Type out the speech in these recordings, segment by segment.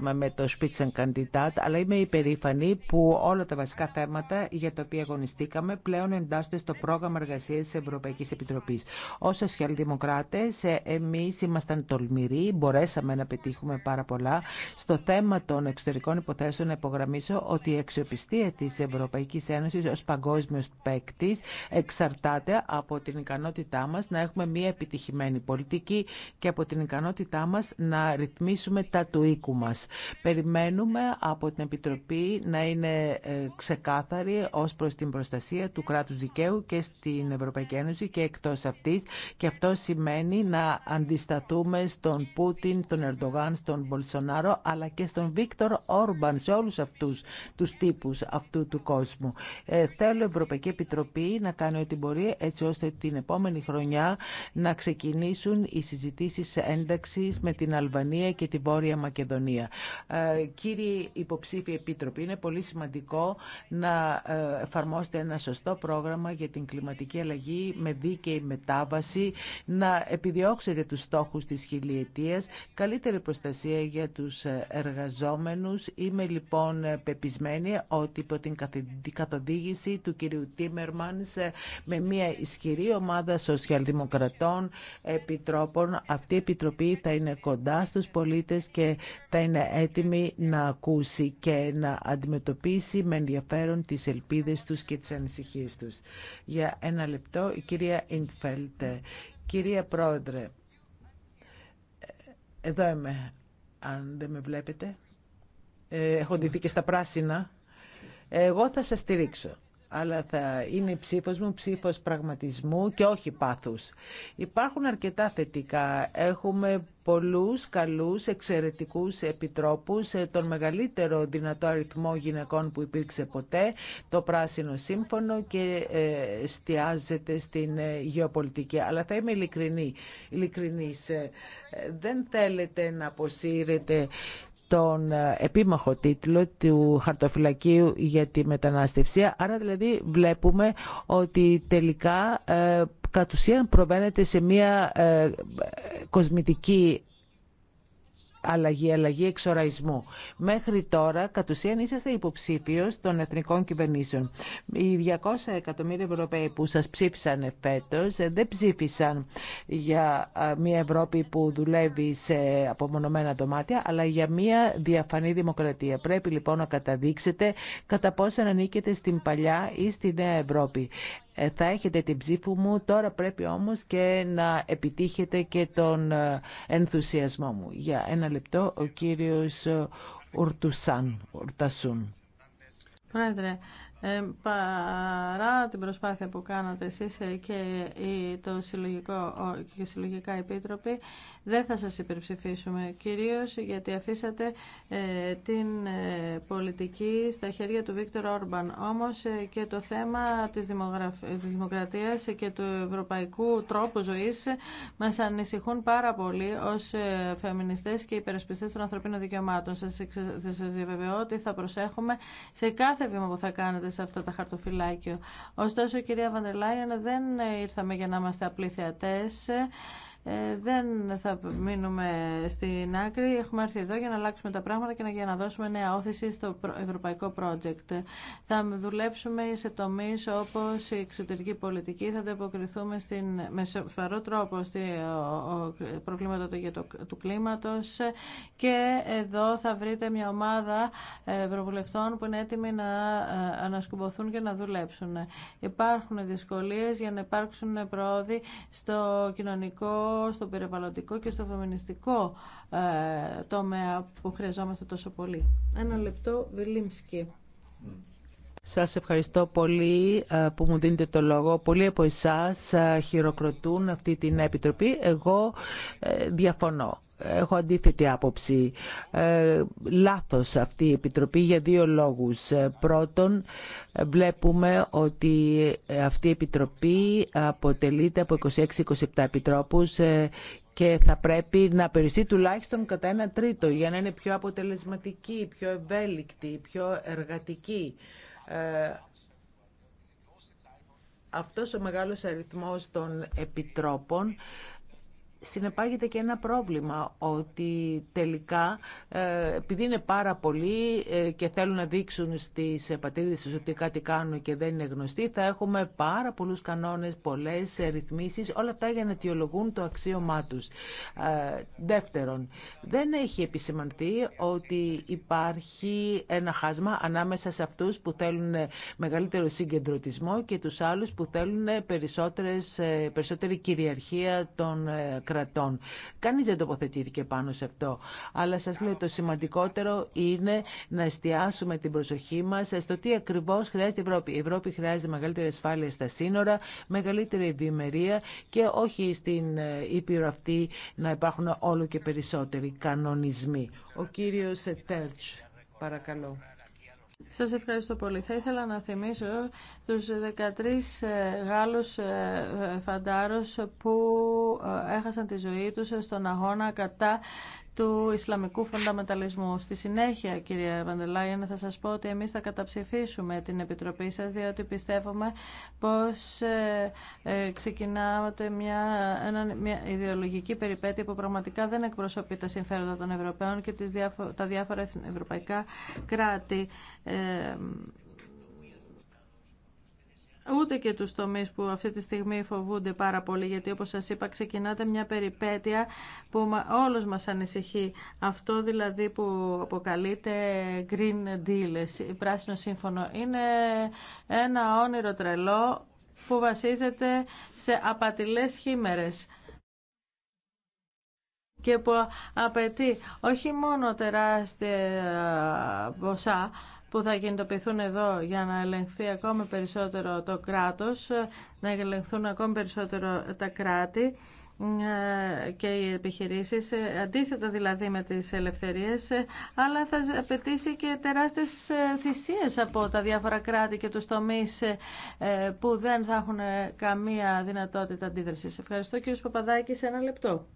με το Spitzenkandidat, αλλά είμαι υπερήφανη που όλα τα βασικά θέματα για τα οποία αγωνιστήκαμε πλέον εντάσσονται στο πρόγραμμα εργασία τη Ευρωπαϊκή Επιτροπή. Ω σοσιαλδημοκράτε, ε, εμεί ήμασταν τολμηροί, μπορέσαμε να πετύχουμε πάρα πολλά. Στο θέμα των εξωτερικών υποθέσεων, να υπογραμμίσω ότι η αξιοπιστία τη Ευρωπαϊκή Ένωση ω παγκόσμιο παίκτη εξαρτάται από την ικανότητά μα να έχουμε μια επιτυχημένη πολιτική και από την ικανότητά μα να ρυθμίσουμε τα του οίκου μας. Περιμένουμε από την Επιτροπή να είναι ε, ξεκάθαρη ως προς την προστασία του κράτους δικαίου και στην Ευρωπαϊκή Ένωση και εκτός αυτής. Και αυτό σημαίνει να αντισταθούμε στον Πούτιν, τον Ερντογάν, στον Μπολσονάρο, αλλά και στον Βίκτορ Όρμπαν, σε όλους αυτούς τους τύπους αυτού του κόσμου. Ε, θέλω η Ευρωπαϊκή Επιτροπή να κάνει ό,τι μπορεί έτσι ώστε την επόμενη χρονιά να ξεκινήσουν οι συζητήσεις ένταξης με την Αλβανία και τη Βόρεια Μακεδονία. Ε, κύριοι υποψήφοι επίτροποι, είναι πολύ σημαντικό να ε, εφαρμόσετε ένα σωστό πρόγραμμα για την κλιματική αλλαγή με δίκαιη μετάβαση, να επιδιώξετε τους στόχους της χιλιετίας, καλύτερη προστασία για τους ε, εργαζόμενους. Είμαι λοιπόν πεπισμένη ότι υπό την καθοδήγηση του κυρίου Τίμερμανς με μια ισχυρή ομάδα σοσιαλδημοκρατών επιτρόπων, αυτή η επιτροπή θα είναι κοντά στους πολίτες και θα είναι είναι έτοιμη να ακούσει και να αντιμετωπίσει με ενδιαφέρον τις ελπίδες τους και τις ανησυχίες τους. Για ένα λεπτό, η κυρία Ινφέλτε. Κυρία Πρόεδρε, εδώ είμαι, αν δεν με βλέπετε. Ε, έχω ντυθεί και στα πράσινα. Εγώ θα σας στηρίξω αλλά θα είναι ψήφος μου ψήφος πραγματισμού και όχι πάθους. Υπάρχουν αρκετά θετικά. Έχουμε πολλούς καλούς, εξαιρετικούς επιτρόπους, ε, τον μεγαλύτερο δυνατό αριθμό γυναικών που υπήρξε ποτέ, το Πράσινο Σύμφωνο και ε, στιάζεται στην ε, γεωπολιτική. Αλλά θα είμαι ειλικρινή, ειλικρινής. Δεν θέλετε να αποσύρετε τον ε, επίμαχο τίτλο του χαρτοφυλακίου για τη μετανάστευση. Άρα δηλαδή βλέπουμε ότι τελικά ε, κατ' ουσίαν προβαίνεται σε μια ε, κοσμητική αλλαγή, αλλαγή εξοραϊσμού. Μέχρι τώρα, κατ' ουσίαν, είσαστε υποψήφιο των εθνικών κυβερνήσεων. Οι 200 εκατομμύρια Ευρωπαίοι που σα ψήφισαν φέτο ε, δεν ψήφισαν για μια Ευρώπη που δουλεύει σε απομονωμένα δωμάτια, αλλά για μια διαφανή δημοκρατία. Πρέπει λοιπόν να καταδείξετε κατά πόσο ανήκετε στην παλιά ή στη νέα Ευρώπη. Ε, θα έχετε την ψήφου μου, τώρα πρέπει όμως και να επιτύχετε και τον ε, ενθουσιασμό μου. Για ένα λεπτό, ο κύριος ε, Ουρτουσάν, Ουρτασούν παρά την προσπάθεια που κάνατε εσείς ε, και, το συλλογικό, και συλλογικά επίτροποι, δεν θα σας υπερψηφίσουμε, κυρίως γιατί αφήσατε ε, την ε, πολιτική στα χέρια του Βίκτορ Όρμπαν. Όμως και το θέμα της, της δημοκρατίας και του ευρωπαϊκού τρόπου ζωής μας ανησυχούν πάρα πολύ ως φεμινιστές και υπερασπιστές των ανθρωπίνων δικαιωμάτων. Σας, σας διαβεβαιώ ότι θα προσέχουμε σε κάθε βήμα που θα κάνετε σε αυτά τα χαρτοφυλάκια. Ωστόσο, κυρία Βαντελάιεν, δεν ήρθαμε για να είμαστε απλοί θεατές. Ε, δεν θα μείνουμε στην άκρη. Έχουμε έρθει εδώ για να αλλάξουμε τα πράγματα και για να δώσουμε νέα όθηση στο ευρωπαϊκό project. Θα δουλέψουμε σε τομεί όπως η εξωτερική πολιτική, θα ανταποκριθούμε στην, με σοφαρό τρόπο στη προβλήματα του κλίματος και εδώ θα βρείτε μια ομάδα ε, ευρωβουλευτών που είναι έτοιμοι να ε, ανασκουμποθούν και να δουλέψουν. Υπάρχουν δυσκολίε για να υπάρξουν πρόοδοι στο κοινωνικό στο περιβαλλοντικό και στο φεμινιστικό ε, τομέα που χρειαζόμαστε τόσο πολύ. Ένα λεπτό, Βιλίμσκι. Σας ευχαριστώ πολύ ε, που μου δίνετε το λόγο. Πολλοί από εσάς ε, χειροκροτούν αυτή την Επιτροπή. Εγώ διαφωνώ έχω αντίθετη άποψη. Ε, λάθος αυτή η Επιτροπή για δύο λόγους. Πρώτον, βλέπουμε ότι αυτή η Επιτροπή αποτελείται από 26-27 επιτρόπους ε, και θα πρέπει να περιστεί τουλάχιστον κατά ένα τρίτο για να είναι πιο αποτελεσματική, πιο ευέλικτη, πιο εργατική. Ε, αυτός ο μεγάλος αριθμός των επιτρόπων συνεπάγεται και ένα πρόβλημα ότι τελικά ε, επειδή είναι πάρα πολλοί ε, και θέλουν να δείξουν στις πατρίδες τους ότι κάτι κάνουν και δεν είναι γνωστοί θα έχουμε πάρα πολλούς κανόνες, πολλές ρυθμίσεις όλα αυτά για να αιτιολογούν το αξίωμά τους. Ε, δεύτερον, δεν έχει επισημανθεί ότι υπάρχει ένα χάσμα ανάμεσα σε αυτούς που θέλουν μεγαλύτερο συγκεντρωτισμό και τους άλλους που θέλουν περισσότερη κυριαρχία των κρατών κρατών. Κανείς δεν τοποθετήθηκε πάνω σε αυτό. Αλλά σας λέω το σημαντικότερο είναι να εστιάσουμε την προσοχή μας στο τι ακριβώς χρειάζεται η Ευρώπη. Η Ευρώπη χρειάζεται μεγαλύτερη ασφάλεια στα σύνορα, μεγαλύτερη ευημερία και όχι στην ε, Ήπειρο αυτή να υπάρχουν όλο και περισσότεροι κανονισμοί. Ο κύριος Τέρτς, παρακαλώ. Σας ευχαριστώ πολύ. Θα ήθελα να θυμίσω τους 13 ε, Γάλλους ε, φαντάρους που ε, έχασαν τη ζωή τους στον αγώνα κατά του Ισλαμικού φονταμεταλισμού. Στη συνέχεια, κυρία Βαντελάιεν, θα σας πω ότι εμείς θα καταψηφίσουμε την Επιτροπή σας, διότι πιστεύουμε πως ε, ε, ξεκινάμε μια, ένα, μια ιδεολογική περιπέτεια που πραγματικά δεν εκπροσωπεί τα συμφέροντα των Ευρωπαίων και τις διάφο τα διάφορα ευρωπαϊκά κράτη. Ε, ούτε και τους τομείς που αυτή τη στιγμή φοβούνται πάρα πολύ γιατί όπως σας είπα ξεκινάτε μια περιπέτεια που όλος μας ανησυχεί αυτό δηλαδή που αποκαλείται Green Deal, πράσινο σύμφωνο είναι ένα όνειρο τρελό που βασίζεται σε απατηλές χήμερες και που απαιτεί όχι μόνο τεράστια ποσά που θα κινητοποιηθούν εδώ για να ελεγχθεί ακόμη περισσότερο το κράτος, να ελεγχθούν ακόμη περισσότερο τα κράτη ε, και οι επιχειρήσεις, ε, αντίθετα δηλαδή με τις ελευθερίες, ε, αλλά θα απαιτήσει και τεράστιες θυσίες από τα διάφορα κράτη και τους τομείς που δεν θα έχουν καμία δυνατότητα αντίδρασης. Ευχαριστώ κύριος Παπαδάκη, σε ένα λεπτό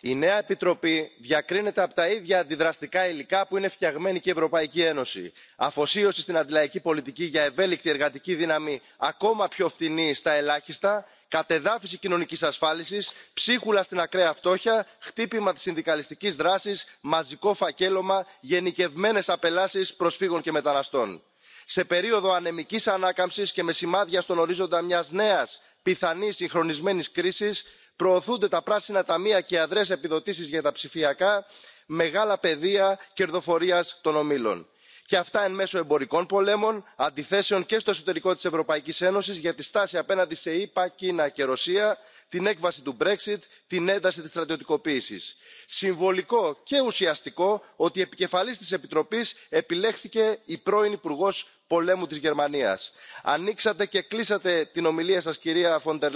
η νέα επιτροπή διακρίνεται από τα ίδια αντιδραστικά υλικά που είναι φτιαγμένη και η ευρωπαϊκή ένωση αφοσίωση στην αντιλαϊκή πολιτική για ευέλικτη εργατική δύναμη ακόμα πιο φθηνή στα ελάχιστα κατεδάφιση κοινωνική ασφάλισης ψίχουλα στην ακραία φτώχεια χτύπημα τη συνδικαλιστική δράση, μαζικό φακέλωμα γενικευμένε απελάσει προσφύγων και μεταναστών. σε περίοδο ανεμική ανάκαμψη και με σημάδια στον ορίζοντα μια νέα, πιθανή συγχρονισμένη κρίση, προωθούνται τα πράσινα ταμεία και οι αδρές επιδοτήσεις για τα ψηφιακά μεγάλα πεδία κερδοφορίας των ομίλων και αυτά εν μέσω εμπορικών πολέμων αντιθέσεων και στο εσωτερικό της ευρωπαϊκής ένωσης για τη στάση απέναντι σε ηπα κίνα και ρωσία την έκβαση του brexit την ένταση της στρατιωτικοποίησης. συμβολικό και ουσιαστικό ότι επικεφαλής της επιτροπής επιλέχθηκε η πρώην υπουργός πολέμου της γερμανίας. ανοίξατε και κλείσατε την ομιλία σας κυρία φοντερ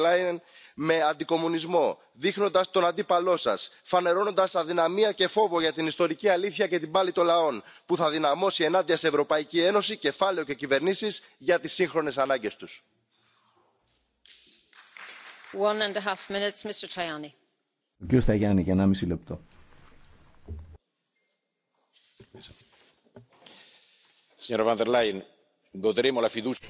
με αντικομουνισμό δείχνοντας τον αντίπαλό σας φανερώνοντας αδυναμία και φόβο για την ιστορική αλήθεια και την πάλη των λαών που θα δυναμώσει ενάντια σε ευρωπαϊκή ένωση κεφάλαιο και κυβερνήσεις για τις σύγχρονες ανάγκες τους.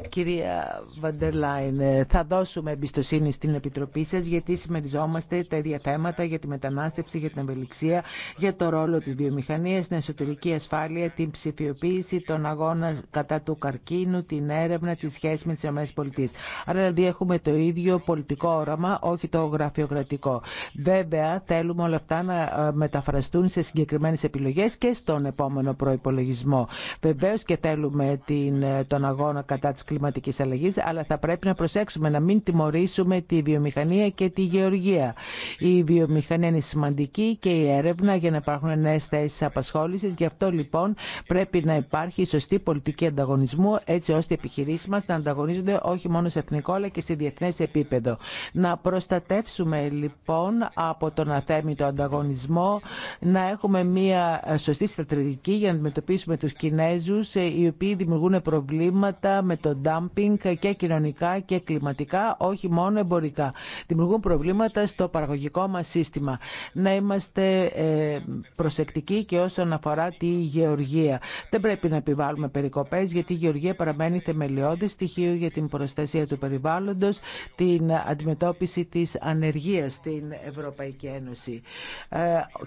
Κυρία Βαντερλάιν, θα δώσουμε εμπιστοσύνη στην Επιτροπή σα γιατί συμμεριζόμαστε τα ίδια θέματα για τη μετανάστευση, για την ευελιξία, για το ρόλο τη βιομηχανία, την εσωτερική ασφάλεια, την ψηφιοποίηση, τον αγώνα κατά του καρκίνου, την έρευνα, τη σχέση με τι ΗΠΑ. Άρα δηλαδή έχουμε το ίδιο πολιτικό όραμα, όχι το γραφειοκρατικό. Βέβαια θέλουμε όλα αυτά να ε, μεταφραστούν σε συγκεκριμένε επιλογέ και στον επόμενο προπολογισμό. Βεβαίω και θέλουμε την ε, τον αγώνα κατά της κλιματικής αλλαγής, αλλά θα πρέπει να προσέξουμε να μην τιμωρήσουμε τη βιομηχανία και τη γεωργία. Η βιομηχανία είναι σημαντική και η έρευνα για να υπάρχουν νέε θέσει απασχόληση. Γι' αυτό λοιπόν πρέπει να υπάρχει σωστή πολιτική ανταγωνισμού, έτσι ώστε οι επιχειρήσει μα να ανταγωνίζονται όχι μόνο σε εθνικό αλλά και σε διεθνέ επίπεδο. Να προστατεύσουμε λοιπόν από τον αθέμητο ανταγωνισμό, να έχουμε μια σωστή στρατηγική για να αντιμετωπίσουμε του Κινέζου, οι οποίοι δημιουργούν προβλήματα προβλήματα με το dumping και κοινωνικά και κλιματικά, όχι μόνο εμπορικά. Δημιουργούν προβλήματα στο παραγωγικό μα σύστημα. Να είμαστε ε, προσεκτικοί και όσον αφορά τη γεωργία. Δεν πρέπει να επιβάλλουμε περικοπέ γιατί η γεωργία παραμένει θεμελιώδη στοιχείο για την προστασία του περιβάλλοντο, την αντιμετώπιση τη ανεργία στην Ευρωπαϊκή Ένωση. Ε,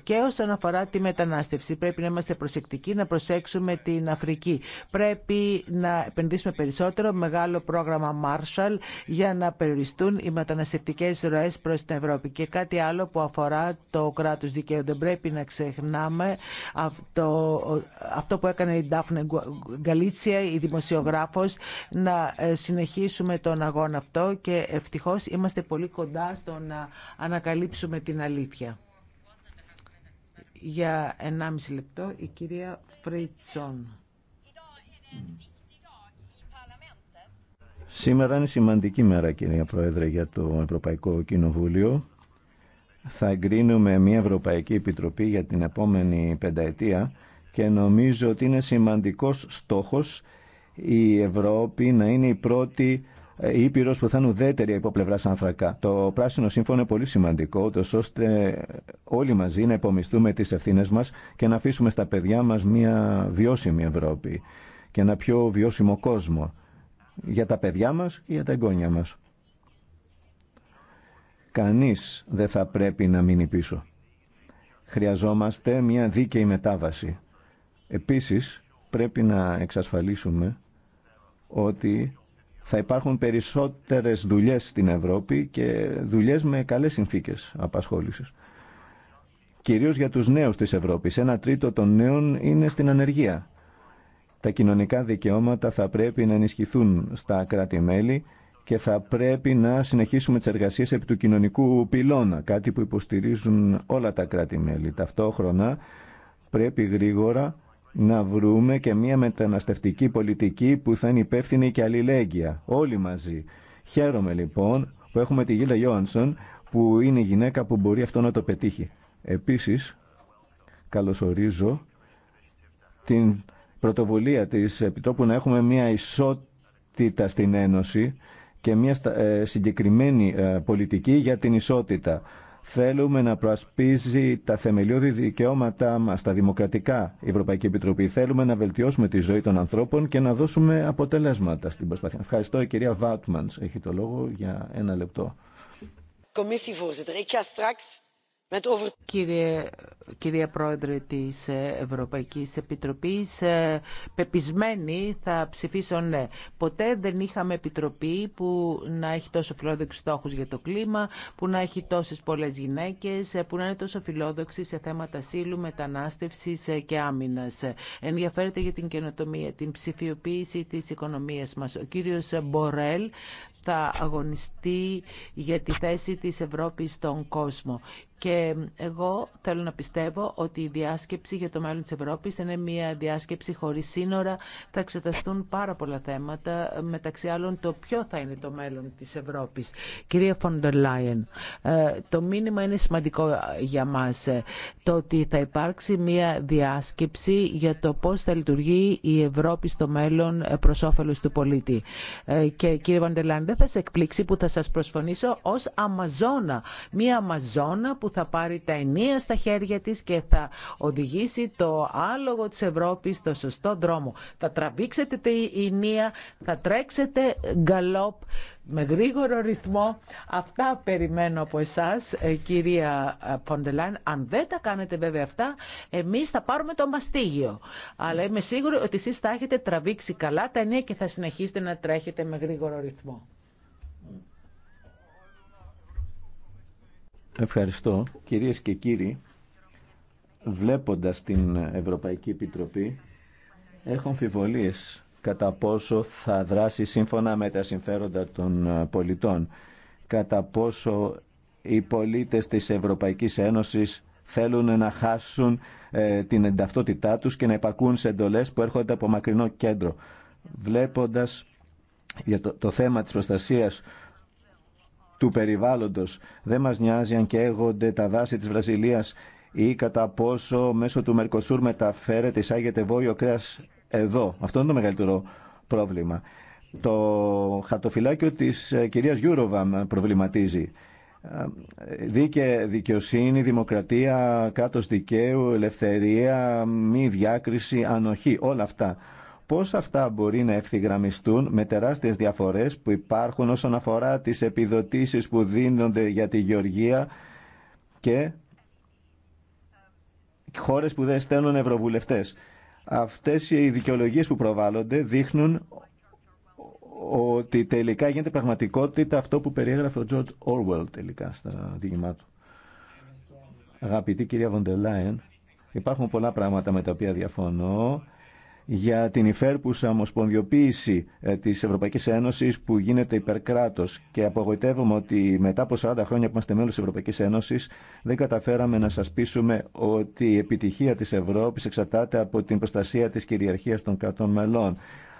και όσον αφορά τη μετανάστευση πρέπει να είμαστε προσεκτικοί, να προσέξουμε την Αφρική. Πρέπει να επενδύσουμε περισσότερο μεγάλο πρόγραμμα Marshall για να περιοριστούν οι μεταναστευτικές ροέ προ την Ευρώπη. Και κάτι άλλο που αφορά το κράτος δικαίου. Δεν πρέπει να ξεχνάμε αυτό, αυτό που έκανε η Ντάφνε Γκαλίτσια, η δημοσιογράφος, να ε, συνεχίσουμε τον αγώνα αυτό και ευτυχώς είμαστε πολύ κοντά στο να ανακαλύψουμε την αλήθεια. Για 1,5 λεπτό η κυρία Φρίτσον. Σήμερα είναι σημαντική μέρα, κυρία Πρόεδρε, για το Ευρωπαϊκό Κοινοβούλιο. Θα εγκρίνουμε μια Ευρωπαϊκή Επιτροπή για την επόμενη πενταετία και νομίζω ότι είναι σημαντικός στόχος η Ευρώπη να είναι η πρώτη ε, ήπειρο που θα είναι ουδέτερη από πλευρά άνθρακα. Το πράσινο σύμφωνο είναι πολύ σημαντικό, ώστε όλοι μαζί να υπομισθούμε τις ευθύνε μας και να αφήσουμε στα παιδιά μας μια βιώσιμη Ευρώπη και ένα πιο βιώσιμο κόσμο για τα παιδιά μας και για τα εγγόνια μας. Κανείς δεν θα πρέπει να μείνει πίσω. Χρειαζόμαστε μια δίκαιη μετάβαση. Επίσης, πρέπει να εξασφαλίσουμε ότι θα υπάρχουν περισσότερες δουλειές στην Ευρώπη και δουλειές με καλές συνθήκες απασχόλησης. Κυρίως για τους νέους της Ευρώπης. Ένα τρίτο των νέων είναι στην ανεργία. Τα κοινωνικά δικαιώματα θα πρέπει να ενισχυθούν στα κράτη-μέλη και θα πρέπει να συνεχίσουμε τις εργασίες επί του κοινωνικού πυλώνα, κάτι που υποστηρίζουν όλα τα κράτη-μέλη. Ταυτόχρονα πρέπει γρήγορα να βρούμε και μια μεταναστευτική πολιτική που θα είναι υπεύθυνη και αλληλέγγυα, όλοι μαζί. Χαίρομαι λοιπόν που έχουμε τη Γίλα Ιόανσον που είναι η γυναίκα που μπορεί αυτό να το πετύχει. Επίσης, καλωσορίζω την πρωτοβουλία της Επιτρόπου να έχουμε μια ισότητα στην Ένωση και μια ε, συγκεκριμένη ε, πολιτική για την ισότητα. Θέλουμε να προασπίζει τα θεμελιώδη δικαιώματά μας, τα δημοκρατικά, η Ευρωπαϊκή Επιτροπή. Θέλουμε να βελτιώσουμε τη ζωή των ανθρώπων και να δώσουμε αποτελέσματα στην προσπάθεια. Ευχαριστώ. Η κυρία Βάουτμαντ έχει το λόγο για ένα λεπτό. Κύριε, κυρία Πρόεδρε της Ευρωπαϊκής Επιτροπής, ε, πεπισμένη θα ψηφίσω ναι. Ποτέ δεν είχαμε επιτροπή που να έχει τόσο φιλόδοξους στόχους για το κλίμα, που να έχει τόσες πολλές γυναίκες, ε, που να είναι τόσο φιλόδοξη σε θέματα σύλλου, μετανάστευσης ε, και άμυνας. Ενδιαφέρεται για την καινοτομία, την ψηφιοποίηση της οικονομίας μας. Ο κύριος Μπορέλ θα αγωνιστεί για τη θέση της Ευρώπης στον κόσμο και εγώ θέλω να πιστεύω ότι η διάσκεψη για το μέλλον της Ευρώπης είναι μια διάσκεψη χωρίς σύνορα. Θα εξεταστούν πάρα πολλά θέματα, μεταξύ άλλων το ποιο θα είναι το μέλλον της Ευρώπης. Κυρία Φοντερ Λάιεν, ε, το μήνυμα είναι σημαντικό για μας. Ε, το ότι θα υπάρξει μια διάσκεψη για το πώς θα λειτουργεί η Ευρώπη στο μέλλον ε, προς όφελος του πολίτη. Και κύριε Βαντελάν, δεν θα σε εκπλήξει που θα σας προσφωνήσω ως Αμαζόνα. Μια Αμαζόνα που θα πάρει τα ενία στα χέρια της και θα οδηγήσει το άλογο της Ευρώπης στο σωστό δρόμο. Θα τραβήξετε την ενία, θα τρέξετε γκαλόπ με γρήγορο ρυθμό. Αυτά περιμένω από εσάς, ε, κυρία ε, Φοντελάν. Αν δεν τα κάνετε βέβαια αυτά, εμείς θα πάρουμε το μαστίγιο. Αλλά είμαι σίγουρη ότι εσείς θα έχετε τραβήξει καλά τα ενία και θα συνεχίσετε να τρέχετε με γρήγορο ρυθμό. Ευχαριστώ. Κυρίες και κύριοι, βλέποντας την Ευρωπαϊκή Επιτροπή, έχω αμφιβολίες κατά πόσο θα δράσει σύμφωνα με τα συμφέροντα των πολιτών, κατά πόσο οι πολίτες της Ευρωπαϊκής Ένωσης θέλουν να χάσουν ε, την ταυτότητά τους και να υπακούν σε εντολές που έρχονται από μακρινό κέντρο. Βλέποντας για το, το θέμα της προστασίας του περιβάλλοντος. Δεν μας νοιάζει αν καίγονται τα δάση της Βραζιλίας ή κατά πόσο μέσω του Μερκοσούρ μεταφέρεται, εισάγεται βόλιο κρέας εδώ. Αυτό είναι το μεγαλύτερο πρόβλημα. Το χαρτοφυλάκιο της ε, κυρίας Γιούροβα προβληματίζει. Ε, Δίκαι, δικαιοσύνη, δημοκρατία, κράτος δικαίου, ελευθερία, μη διάκριση, ανοχή, όλα αυτά Πώς αυτά μπορεί να ευθυγραμμιστούν με τεράστιες διαφορές που υπάρχουν όσον αφορά τις επιδοτήσεις που δίνονται για τη γεωργία και χώρες που δεν στέλνουν ευρωβουλευτές. Αυτές οι δικαιολογίε που προβάλλονται δείχνουν ότι τελικά γίνεται πραγματικότητα αυτό που περιέγραφε ο George Orwell τελικά στα δίγημά του. Αγαπητή κυρία Βοντελάιν, υπάρχουν πολλά πράγματα με τα οποία διαφωνώ για την υφέρπουσα ομοσπονδιοποίηση ε, της Ευρωπαϊκής Ένωσης που γίνεται υπερκράτος και απογοητεύομαι ότι μετά από 40 χρόνια που είμαστε μέλος της Ευρωπαϊκής Ένωσης δεν καταφέραμε να σας πείσουμε ότι η επιτυχία της Ευρώπης εξαρτάται από την προστασία της κυριαρχίας των κρατών μελών.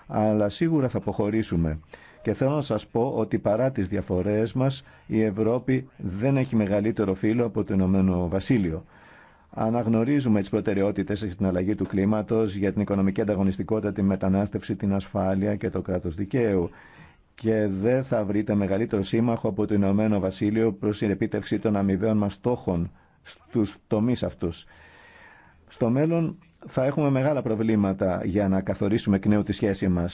Αλλά σίγουρα θα αποχωρήσουμε. Και θέλω να σας πω ότι παρά τις διαφορές μας η Ευρώπη δεν έχει μεγαλύτερο φίλο από το Ηνωμένο Βασίλειο. Αναγνωρίζουμε τι προτεραιότητε για την αλλαγή του κλίματο, για την οικονομική ανταγωνιστικότητα, τη μετανάστευση, την ασφάλεια και το κράτος δικαίου. Και δεν θα βρείτε μεγαλύτερο σύμμαχο από το Ηνωμένο Βασίλειο προ την επίτευξη των αμοιβαίων μα στόχων στους τομεί αυτού. Στο μέλλον θα έχουμε μεγάλα προβλήματα για να καθορίσουμε εκ νέου τη σχέση μα.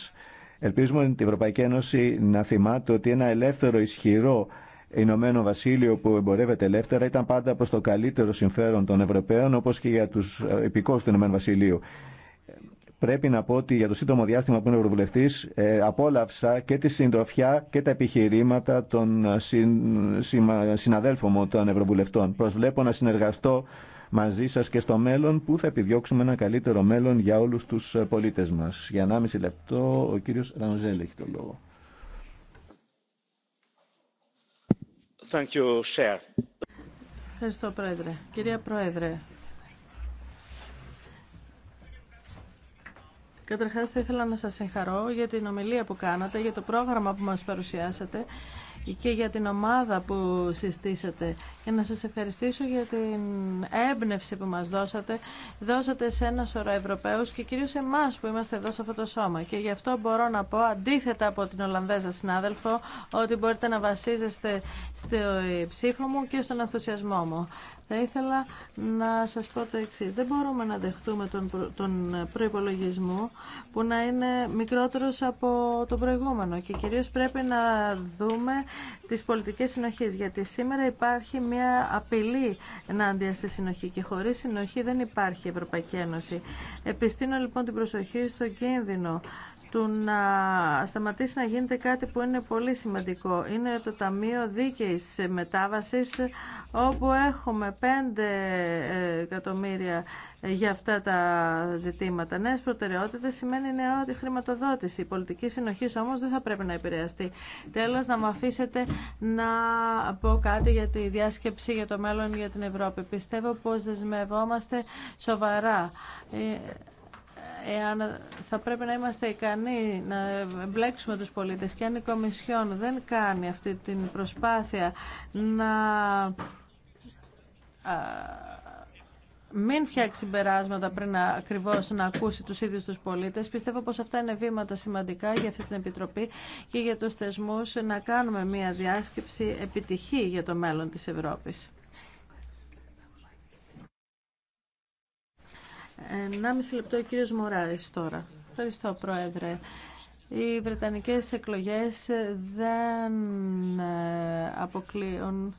Ελπίζουμε την Ευρωπαϊκή Ένωση να θυμάται ότι ένα ελεύθερο, ισχυρό Ηνωμένο Βασίλειο που εμπορεύεται ελεύθερα ήταν πάντα προ το καλύτερο συμφέρον των Ευρωπαίων όπω και για τους ε, υπηκόου του Ηνωμένου Βασιλείου. Πρέπει να πω ότι για το σύντομο διάστημα που είναι ευρωβουλευτή, ε, απόλαυσα και τη συντροφιά και τα επιχειρήματα των ε, συναδέλφων μου των ευρωβουλευτών. Προσβλέπω να συνεργαστώ μαζί σα και στο μέλλον που θα επιδιώξουμε ένα καλύτερο μέλλον για όλου του ε, πολίτε μα. Για 1,5 λεπτό ο κύριο Ρανζέλ έχει το λόγο. Ευχαριστώ, Πρόεδρε. Κυρία Πρόεδρε, καταρχάς θα ήθελα να σας συγχαρώ για την ομιλία που κάνατε, για το πρόγραμμα που μας παρουσιάσατε και για την ομάδα που συστήσατε και να σας ευχαριστήσω για την έμπνευση που μας δώσατε. Δώσατε σε ένα σωρό Ευρωπαίους και κυρίως εμάς που είμαστε εδώ σε αυτό το σώμα. Και γι' αυτό μπορώ να πω, αντίθετα από την Ολλανδέζα συνάδελφο, ότι μπορείτε να βασίζεστε στο ψήφο μου και στον ενθουσιασμό μου. Θα ήθελα να σας πω το εξή. Δεν μπορούμε να δεχτούμε τον, τον προϋπολογισμό που να είναι μικρότερος από τον προηγούμενο και κυρίως πρέπει να δούμε τις πολιτικές συνοχής γιατί σήμερα υπάρχει μια απειλή ενάντια στη συνοχή και χωρίς συνοχή δεν υπάρχει Ευρωπαϊκή Ένωση. Επιστήνω λοιπόν την προσοχή στο κίνδυνο του να σταματήσει να γίνεται κάτι που είναι πολύ σημαντικό. Είναι το Ταμείο Δίκαιης Μετάβασης, όπου έχουμε 5 εκατομμύρια για αυτά τα ζητήματα. Νέες προτεραιότητες σημαίνει νέα χρηματοδότηση. Η πολιτική συνοχή όμως δεν θα πρέπει να επηρεαστεί. Τέλος, να μου αφήσετε να πω κάτι για τη διάσκεψη για το μέλλον για την Ευρώπη. Πιστεύω πως δεσμευόμαστε σοβαρά ε, εάν θα πρέπει να είμαστε ικανοί να εμπλέξουμε τους πολίτες και αν η Κομισιόν δεν κάνει αυτή την προσπάθεια να μην φτιάξει περάσματα πριν ακριβώ να ακούσει του ίδιου του πολίτε. Πιστεύω πω αυτά είναι βήματα σημαντικά για αυτή την Επιτροπή και για του θεσμού να κάνουμε μια διάσκεψη επιτυχή για το μέλλον τη Ευρώπη. 1,5 λεπτό ο κύριος Μωράης τώρα. Ευχαριστώ Πρόεδρε. Οι Βρετανικές εκλογές δεν ε, αποκλείουν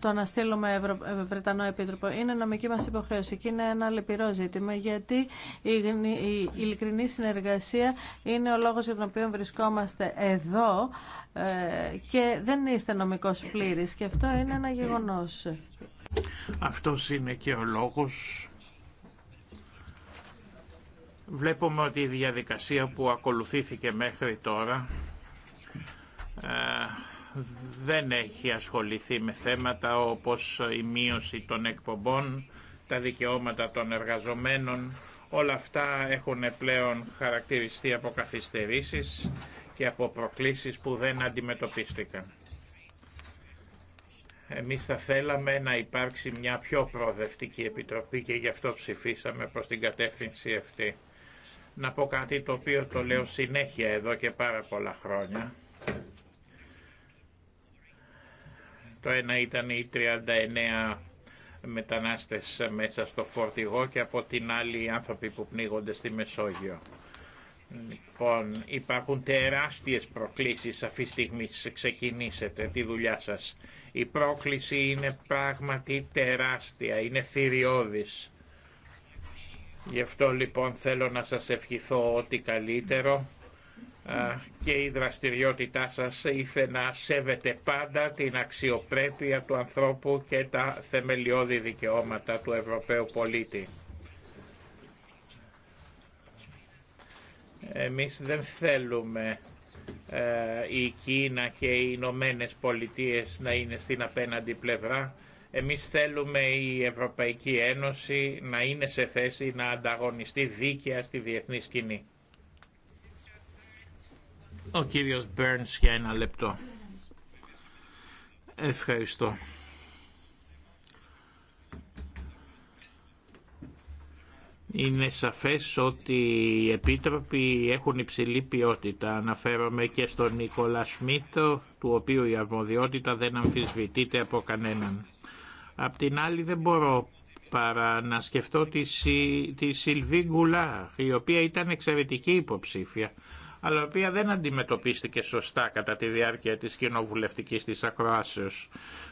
το να στείλουμε Βρετανό Επίτροπο. Είναι νομική μας υποχρέωση και είναι ένα λυπηρό ζήτημα γιατί η, η ειλικρινή συνεργασία είναι ο λόγος για τον οποίο βρισκόμαστε εδώ ε, και δεν είστε νομικός πλήρης και αυτό είναι ένα γεγονός. Αυτός είναι και ο λόγος Βλέπουμε ότι η διαδικασία που ακολουθήθηκε μέχρι τώρα ε, δεν έχει ασχοληθεί με θέματα όπως η μείωση των εκπομπών, τα δικαιώματα των εργαζομένων. Όλα αυτά έχουν πλέον χαρακτηριστεί από καθυστερήσεις και από προκλήσεις που δεν αντιμετωπίστηκαν. Εμείς θα θέλαμε να υπάρξει μια πιο προοδευτική επιτροπή και γι' αυτό ψηφίσαμε προς την κατεύθυνση αυτή να πω κάτι το οποίο το λέω συνέχεια εδώ και πάρα πολλά χρόνια. Το ένα ήταν οι 39 μετανάστες μέσα στο φορτηγό και από την άλλη οι άνθρωποι που πνίγονται στη Μεσόγειο. Λοιπόν, υπάρχουν τεράστιες προκλήσεις αυτή τη στιγμή ξεκινήσετε τη δουλειά σας. Η πρόκληση είναι πράγματι τεράστια, είναι θηριώδης Γι' αυτό λοιπόν θέλω να σας ευχηθώ ό,τι καλύτερο και η δραστηριότητά σας ήθε να σέβεται πάντα την αξιοπρέπεια του ανθρώπου και τα θεμελιώδη δικαιώματα του Ευρωπαίου πολίτη. Εμείς δεν θέλουμε ε, η Κίνα και οι Ηνωμένε Πολιτείες να είναι στην απέναντι πλευρά εμείς θέλουμε η Ευρωπαϊκή Ένωση να είναι σε θέση να ανταγωνιστεί δίκαια στη διεθνή σκηνή. Ο κύριος Μπέρνς για ένα λεπτό. Ευχαριστώ. Είναι σαφές ότι οι επίτροποι έχουν υψηλή ποιότητα. Αναφέρομαι και στον Νικόλα Σμίτο, του οποίου η αρμοδιότητα δεν αμφισβητείται από κανέναν. Απ' την άλλη δεν μπορώ παρά να σκεφτώ τη, τη Σιλβί η οποία ήταν εξαιρετική υποψήφια, αλλά η οποία δεν αντιμετωπίστηκε σωστά κατά τη διάρκεια της κοινοβουλευτικής της ακροάσεως.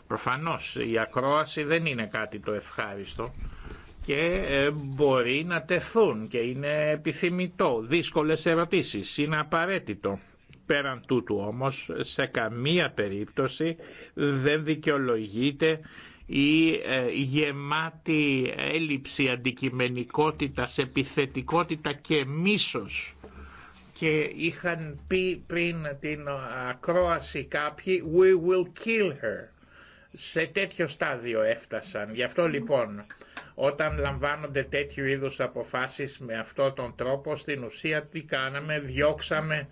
Προφανώς η ακρόαση δεν είναι κάτι το ευχάριστο και ε, μπορεί να τεθούν και είναι επιθυμητό. Δύσκολες ερωτήσεις, είναι απαραίτητο. Πέραν τούτου όμως, σε καμία περίπτωση δεν δικαιολογείται ή ε, γεμάτη έλλειψη αντικειμενικότητας, επιθετικότητα και μίσος. Και είχαν πει πριν την ε, ακρόαση κάποιοι «We will kill her». Σε τέτοιο στάδιο έφτασαν. Γι' αυτό λοιπόν όταν λαμβάνονται τέτοιου είδους αποφάσεις με αυτόν τον τρόπο στην ουσία τι κάναμε, διώξαμε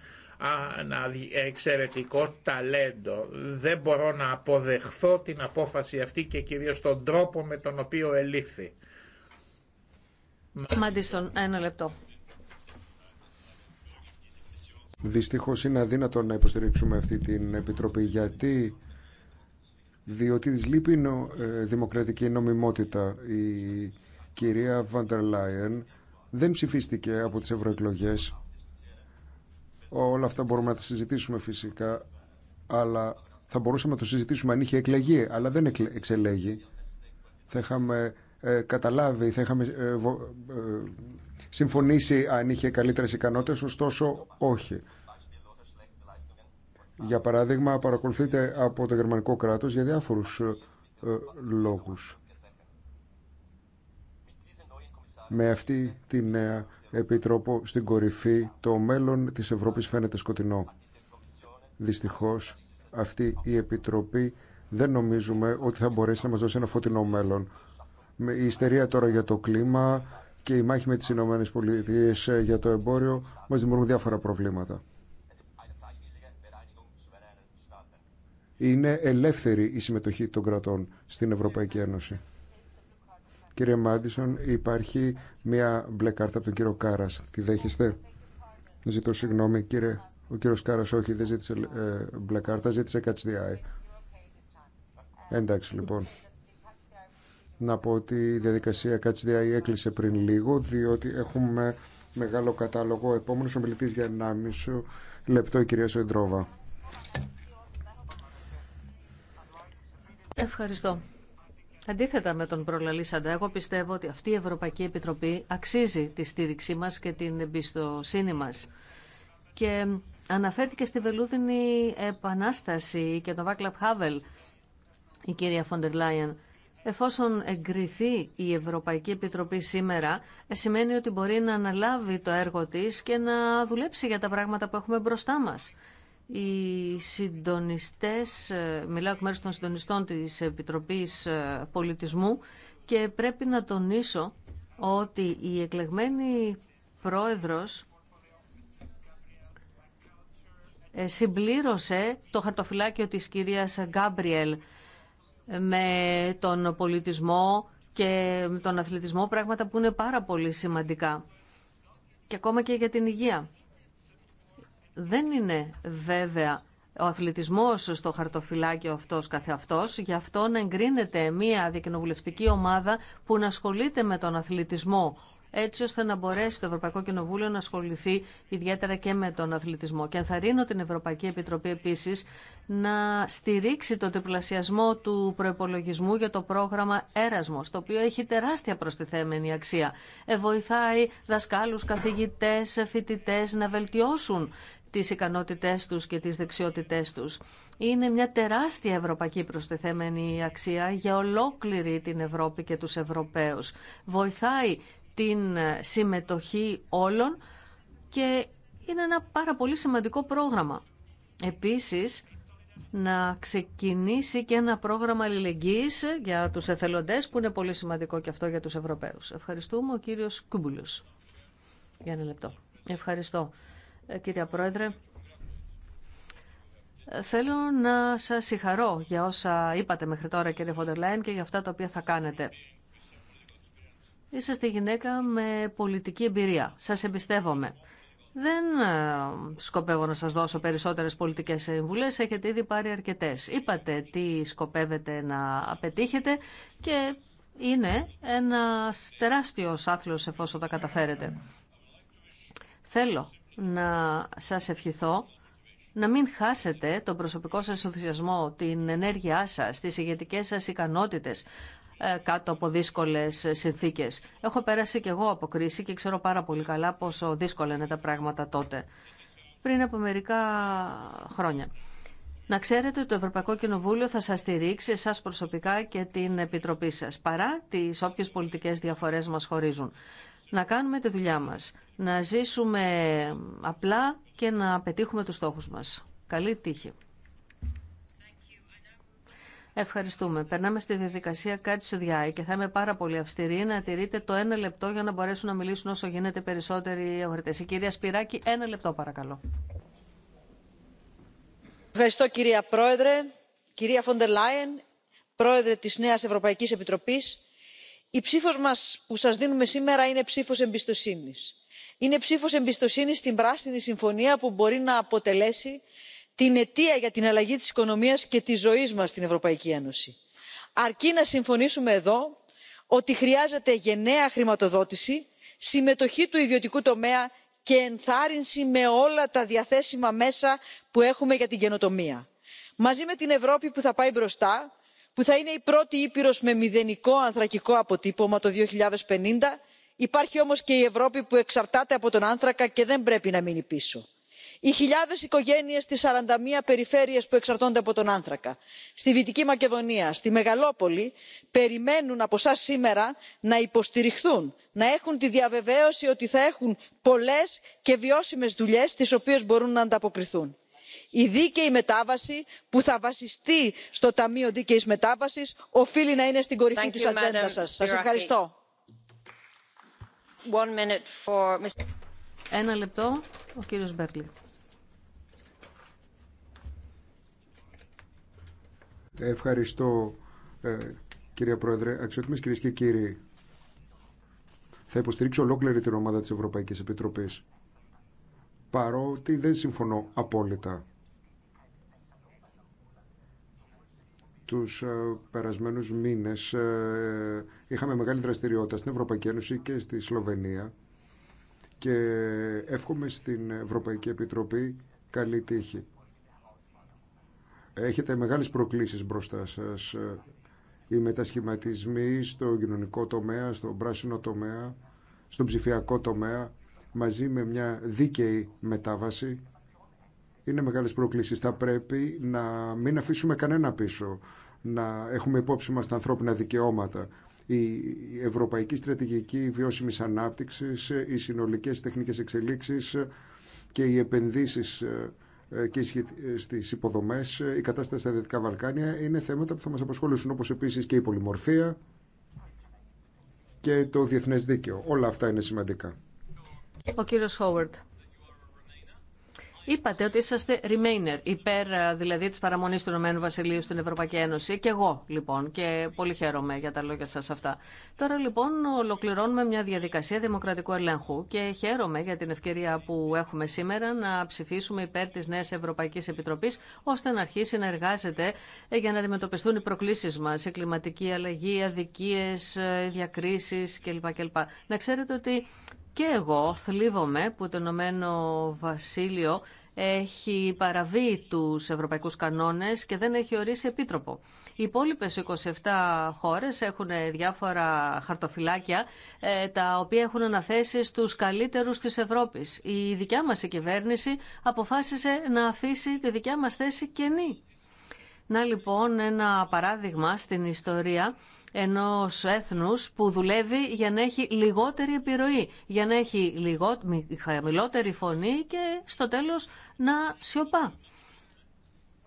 ένα εξαιρετικό ταλέντο. Δεν μπορώ να αποδεχθώ την απόφαση αυτή και κυρίως τον τρόπο με τον οποίο ελήφθη. Μαντίσον, ένα λεπτό. Δυστυχώς είναι αδύνατο να υποστηρίξουμε αυτή την Επιτροπή γιατί διότι της λείπει ε, δημοκρατική νομιμότητα. Η κυρία Βαντερ Λάιεν δεν ψηφίστηκε από τις ευρωεκλογές Όλα αυτά μπορούμε να τα συζητήσουμε φυσικά, αλλά θα μπορούσαμε να το συζητήσουμε αν είχε εκλεγεί, αλλά δεν εξελέγει. Θα είχαμε ε, καταλάβει, θα είχαμε ε, ε, συμφωνήσει αν είχε καλύτερε ικανότητε, ωστόσο όχι. Για παράδειγμα, παρακολουθείτε από το γερμανικό κράτος για διάφορους λόγους. Με αυτή τη νέα Επίτροπο στην κορυφή το μέλλον της Ευρώπης φαίνεται σκοτεινό. Δυστυχώς αυτή η Επιτροπή δεν νομίζουμε ότι θα μπορέσει να μας δώσει ένα φωτεινό μέλλον. Η ιστερία τώρα για το κλίμα και η μάχη με τις Ηνωμένες Πολιτείες ε, για το εμπόριο μας δημιουργούν διάφορα προβλήματα. Είναι ελεύθερη η συμμετοχή των κρατών στην Ευρωπαϊκή Ένωση. Κύριε Μάντισον, υπάρχει μία μπλε κάρτα από τον κύριο Κάρα. Τη δέχεστε. Ζητώ συγγνώμη, κύριε. Ο κύριο Κάρα, όχι, δεν ζήτησε ε, μπλε κάρτα, ζήτησε catch Εντάξει, λοιπόν. Να πω ότι η διαδικασία catch έκλεισε πριν λίγο, διότι έχουμε μεγάλο κατάλογο. Επόμενο ομιλητή για μισό λεπτό, η κυρία Σόντροβα. Ευχαριστώ. Αντίθετα με τον προλαλήσαντα, εγώ πιστεύω ότι αυτή η Ευρωπαϊκή Επιτροπή αξίζει τη στήριξή μας και την εμπιστοσύνη μας. Και αναφέρθηκε στη Βελούδινη Επανάσταση και τον Βάκλαπ Χάβελ η κυρία Φοντερ Λάιεν. Εφόσον εγκριθεί η Ευρωπαϊκή Επιτροπή σήμερα, ε, σημαίνει ότι μπορεί να αναλάβει το έργο της και να δουλέψει για τα πράγματα που έχουμε μπροστά μας οι συντονιστές, ε, μιλάω εκ μέρους των συντονιστών της Επιτροπής ε, Πολιτισμού και πρέπει να τονίσω ότι η εκλεγμένη πρόεδρος ε, συμπλήρωσε το χαρτοφυλάκιο της κυρίας Γκάμπριελ με τον πολιτισμό και τον αθλητισμό, πράγματα που είναι πάρα πολύ σημαντικά και ακόμα και για την υγεία δεν είναι βέβαια ο αθλητισμός στο χαρτοφυλάκιο αυτός καθεαυτός, γι' αυτό να εγκρίνεται μια δικαινοβουλευτική ομάδα που να ασχολείται με τον αθλητισμό έτσι ώστε να μπορέσει το Ευρωπαϊκό Κοινοβούλιο να ασχοληθεί ιδιαίτερα και με τον αθλητισμό. Και ενθαρρύνω την Ευρωπαϊκή Επιτροπή επίση να στηρίξει το τριπλασιασμό του προπολογισμού για το πρόγραμμα Έρασμο, το οποίο έχει τεράστια προστιθέμενη αξία. Ε, βοηθάει δασκάλους, καθηγητές, φοιτητές να βελτιώσουν τις ικανότητές τους και τις δεξιότητές τους. Είναι μια τεράστια ευρωπαϊκή προστιθέμενη αξία για ολόκληρη την Ευρώπη και τους Ευρωπαίους. Βοηθάει την ε, συμμετοχή όλων και είναι ένα πάρα πολύ σημαντικό πρόγραμμα. Επίσης, να ξεκινήσει και ένα πρόγραμμα αλληλεγγύης για τους εθελοντές, που είναι πολύ σημαντικό και αυτό για τους Ευρωπαίους. Ευχαριστούμε ο κύριος Κούμπουλος. Για ένα λεπτό. Ευχαριστώ. Κύριε Πρόεδρε, θέλω να σας συγχαρώ για όσα είπατε μέχρι τώρα κύριε Φοντερ και για αυτά τα οποία θα κάνετε. Είσαστε γυναίκα με πολιτική εμπειρία. Σας εμπιστεύομαι. Δεν ε, σκοπεύω να σας δώσω περισσότερες πολιτικές συμβουλές, έχετε ήδη πάρει αρκετές. Είπατε τι σκοπεύετε να πετύχετε και είναι ένα τεράστιο άθλος εφόσον τα καταφέρετε. Θέλω να σας ευχηθώ να μην χάσετε τον προσωπικό σας ενθουσιασμό, την ενέργειά σας, τις ηγετικές σας ικανότητες. Ε, κάτω από δύσκολε συνθήκε. Έχω πέρασει και εγώ από κρίση και ξέρω πάρα πολύ καλά πόσο δύσκολα είναι τα πράγματα τότε. Πριν από μερικά χρόνια. Να ξέρετε ότι το Ευρωπαϊκό Κοινοβούλιο θα σας στηρίξει εσάς προσωπικά και την Επιτροπή σας, παρά τις όποιες πολιτικές διαφορές μας χωρίζουν. Να κάνουμε τη δουλειά μας, να ζήσουμε απλά και να πετύχουμε τους στόχους μας. Καλή τύχη. Ευχαριστούμε. Περνάμε στη διαδικασία Catch the Eye και θα είμαι πάρα πολύ αυστηρή να τηρείτε το ένα λεπτό για να μπορέσουν να μιλήσουν όσο γίνεται περισσότεροι αγορητές. Η κυρία Σπυράκη, ένα λεπτό παρακαλώ. Ευχαριστώ κυρία Πρόεδρε, κυρία Φοντερ Λάιεν, Πρόεδρε της Νέας Ευρωπαϊκής Επιτροπής. Η ψήφος μας που σας δίνουμε σήμερα είναι ψήφος εμπιστοσύνης. Είναι ψήφος εμπιστοσύνης στην Πράσινη Συμφωνία που μπορεί να αποτελέσει την αιτία για την αλλαγή της οικονομίας και της ζωής μας στην ευρωπαϊκή ένωση αρκεί να συμφωνήσουμε εδώ ότι χρειάζεται γενναία χρηματοδότηση συμμετοχή του ιδιωτικού τομέα και ενθάρρυνση με όλα τα διαθέσιμα μέσα που έχουμε για την καινοτομία μαζί με την ευρώπη που θα πάει μπροστά που θα είναι η πρώτη ήπειρος με μηδενικό ανθρακικό αποτύπωμα το 2050 υπάρχει όμως και η ευρώπη που εξαρτάται από τον άνθρακα και δεν πρέπει να μείνει πίσω οι χιλιάδες οικογένειες στις 41 μία που εξαρτώνται από τον άνθρακα στη δυτική μακεδονία στη μεγαλόπολη περιμένουν από εσάς σήμερα να υποστηριχθούν να έχουν τη διαβεβαίωση ότι θα έχουν πολλές και βιώσιμες δουλειές στις οποίες μπορούν να ανταποκριθούν. η δίκαιη μετάβαση που θα βασιστεί στο ταμείο δίκαιης μετάβασης οφείλει να είναι στην κορυφή της ατζέντας σας. σας ευχαριστώ. Ένα λεπτό, ο κύριος Μπέρλι. Ευχαριστώ, κύριε Πρόεδρε. Αξιότιμες κυρίες και κύριοι, θα υποστηρίξω ολόκληρη την ομάδα της Ευρωπαϊκής Επιτροπής, παρότι δεν συμφωνώ απόλυτα. τους ε, περασμένους μήνες ε, είχαμε μεγάλη δραστηριότητα στην Ευρωπαϊκή Ένωση και στη Σλοβενία και εύχομαι στην Ευρωπαϊκή Επιτροπή καλή τύχη. Έχετε μεγάλες προκλήσεις μπροστά σας. Οι μετασχηματισμοί στο κοινωνικό τομέα, στο πράσινο τομέα, στον ψηφιακό τομέα, μαζί με μια δίκαιη μετάβαση, είναι μεγάλες προκλήσεις. Θα πρέπει να μην αφήσουμε κανένα πίσω, να έχουμε υπόψη μας τα ανθρώπινα δικαιώματα, η Ευρωπαϊκή Στρατηγική Βιώσιμης Ανάπτυξης, οι συνολικές τεχνικές εξελίξεις και οι επενδύσεις ε, ε, και ε, στις υποδομές, η κατάσταση στα Δυτικά Βαλκάνια είναι θέματα που θα μας απασχολήσουν, όπως επίσης και η πολυμορφία και το διεθνές δίκαιο. Όλα αυτά είναι σημαντικά. Ο κύριος Χόουαρντ. Είπατε ότι είσαστε Remainer, υπέρ ε, δηλαδή τη παραμονή του Ηνωμένου Βασιλείου στην Ευρωπαϊκή Ένωση. Και εγώ λοιπόν, και πολύ χαίρομαι για τα λόγια σα αυτά. Τώρα λοιπόν ολοκληρώνουμε μια διαδικασία δημοκρατικού ελέγχου και χαίρομαι για την ευκαιρία που έχουμε σήμερα να ψηφίσουμε υπέρ τη Νέα Ευρωπαϊκή Επιτροπή, ώστε να αρχίσει να εργάζεται ε, για να αντιμετωπιστούν οι προκλήσει μα, η κλιματική αλλαγή, αδικίε, ε, διακρίσει κλπ. Να ξέρετε ότι και εγώ θλίβομαι που το Ηνωμένο Βασίλειο έχει παραβεί τους ευρωπαϊκούς κανόνες και δεν έχει ορίσει επίτροπο. Οι υπόλοιπε 27 χώρες έχουν διάφορα χαρτοφυλάκια ε, τα οποία έχουν αναθέσει στους καλύτερους της Ευρώπης. Η δικιά μας κυβέρνηση αποφάσισε να αφήσει τη δικιά μας θέση κενή. Να λοιπόν ένα παράδειγμα στην ιστορία ενός έθνους που δουλεύει για να έχει λιγότερη επιρροή, για να έχει λιγό... χαμηλότερη φωνή και στο τέλος να σιωπά.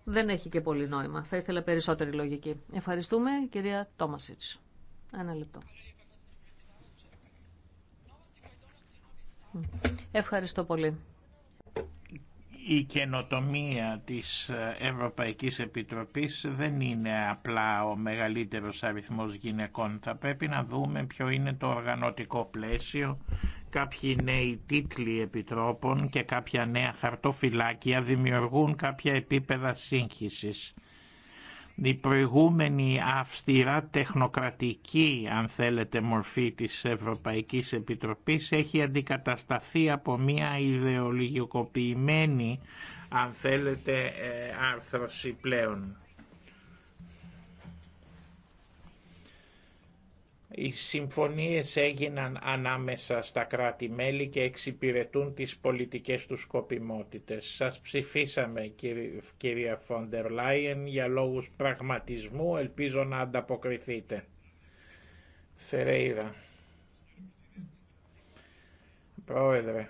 Δεν έχει και πολύ νόημα. Θα ήθελα περισσότερη λογική. Ευχαριστούμε, κυρία Τόμασιτς. Ένα λεπτό. Ευχαριστώ πολύ η καινοτομία της Ευρωπαϊκής Επιτροπής δεν είναι απλά ο μεγαλύτερος αριθμός γυναικών. Θα πρέπει να δούμε ποιο είναι το οργανωτικό πλαίσιο, κάποιοι νέοι τίτλοι επιτρόπων και κάποια νέα χαρτοφυλάκια δημιουργούν κάποια επίπεδα σύγχυσης. Η προηγούμενη αυστηρά τεχνοκρατική, αν θέλετε, μορφή της Ευρωπαϊκής Επιτροπής έχει αντικατασταθεί από μια ιδεολογικοποιημένη, αν θέλετε, ε, άρθρωση πλέον. Οι συμφωνίες έγιναν ανάμεσα στα κράτη-μέλη και εξυπηρετούν τις πολιτικές τους σκοπιμότητες. Σας ψηφίσαμε κυρία Φόντερ Λάιεν για λόγους πραγματισμού, ελπίζω να ανταποκριθείτε. Φερέιρα. Πρόεδρε.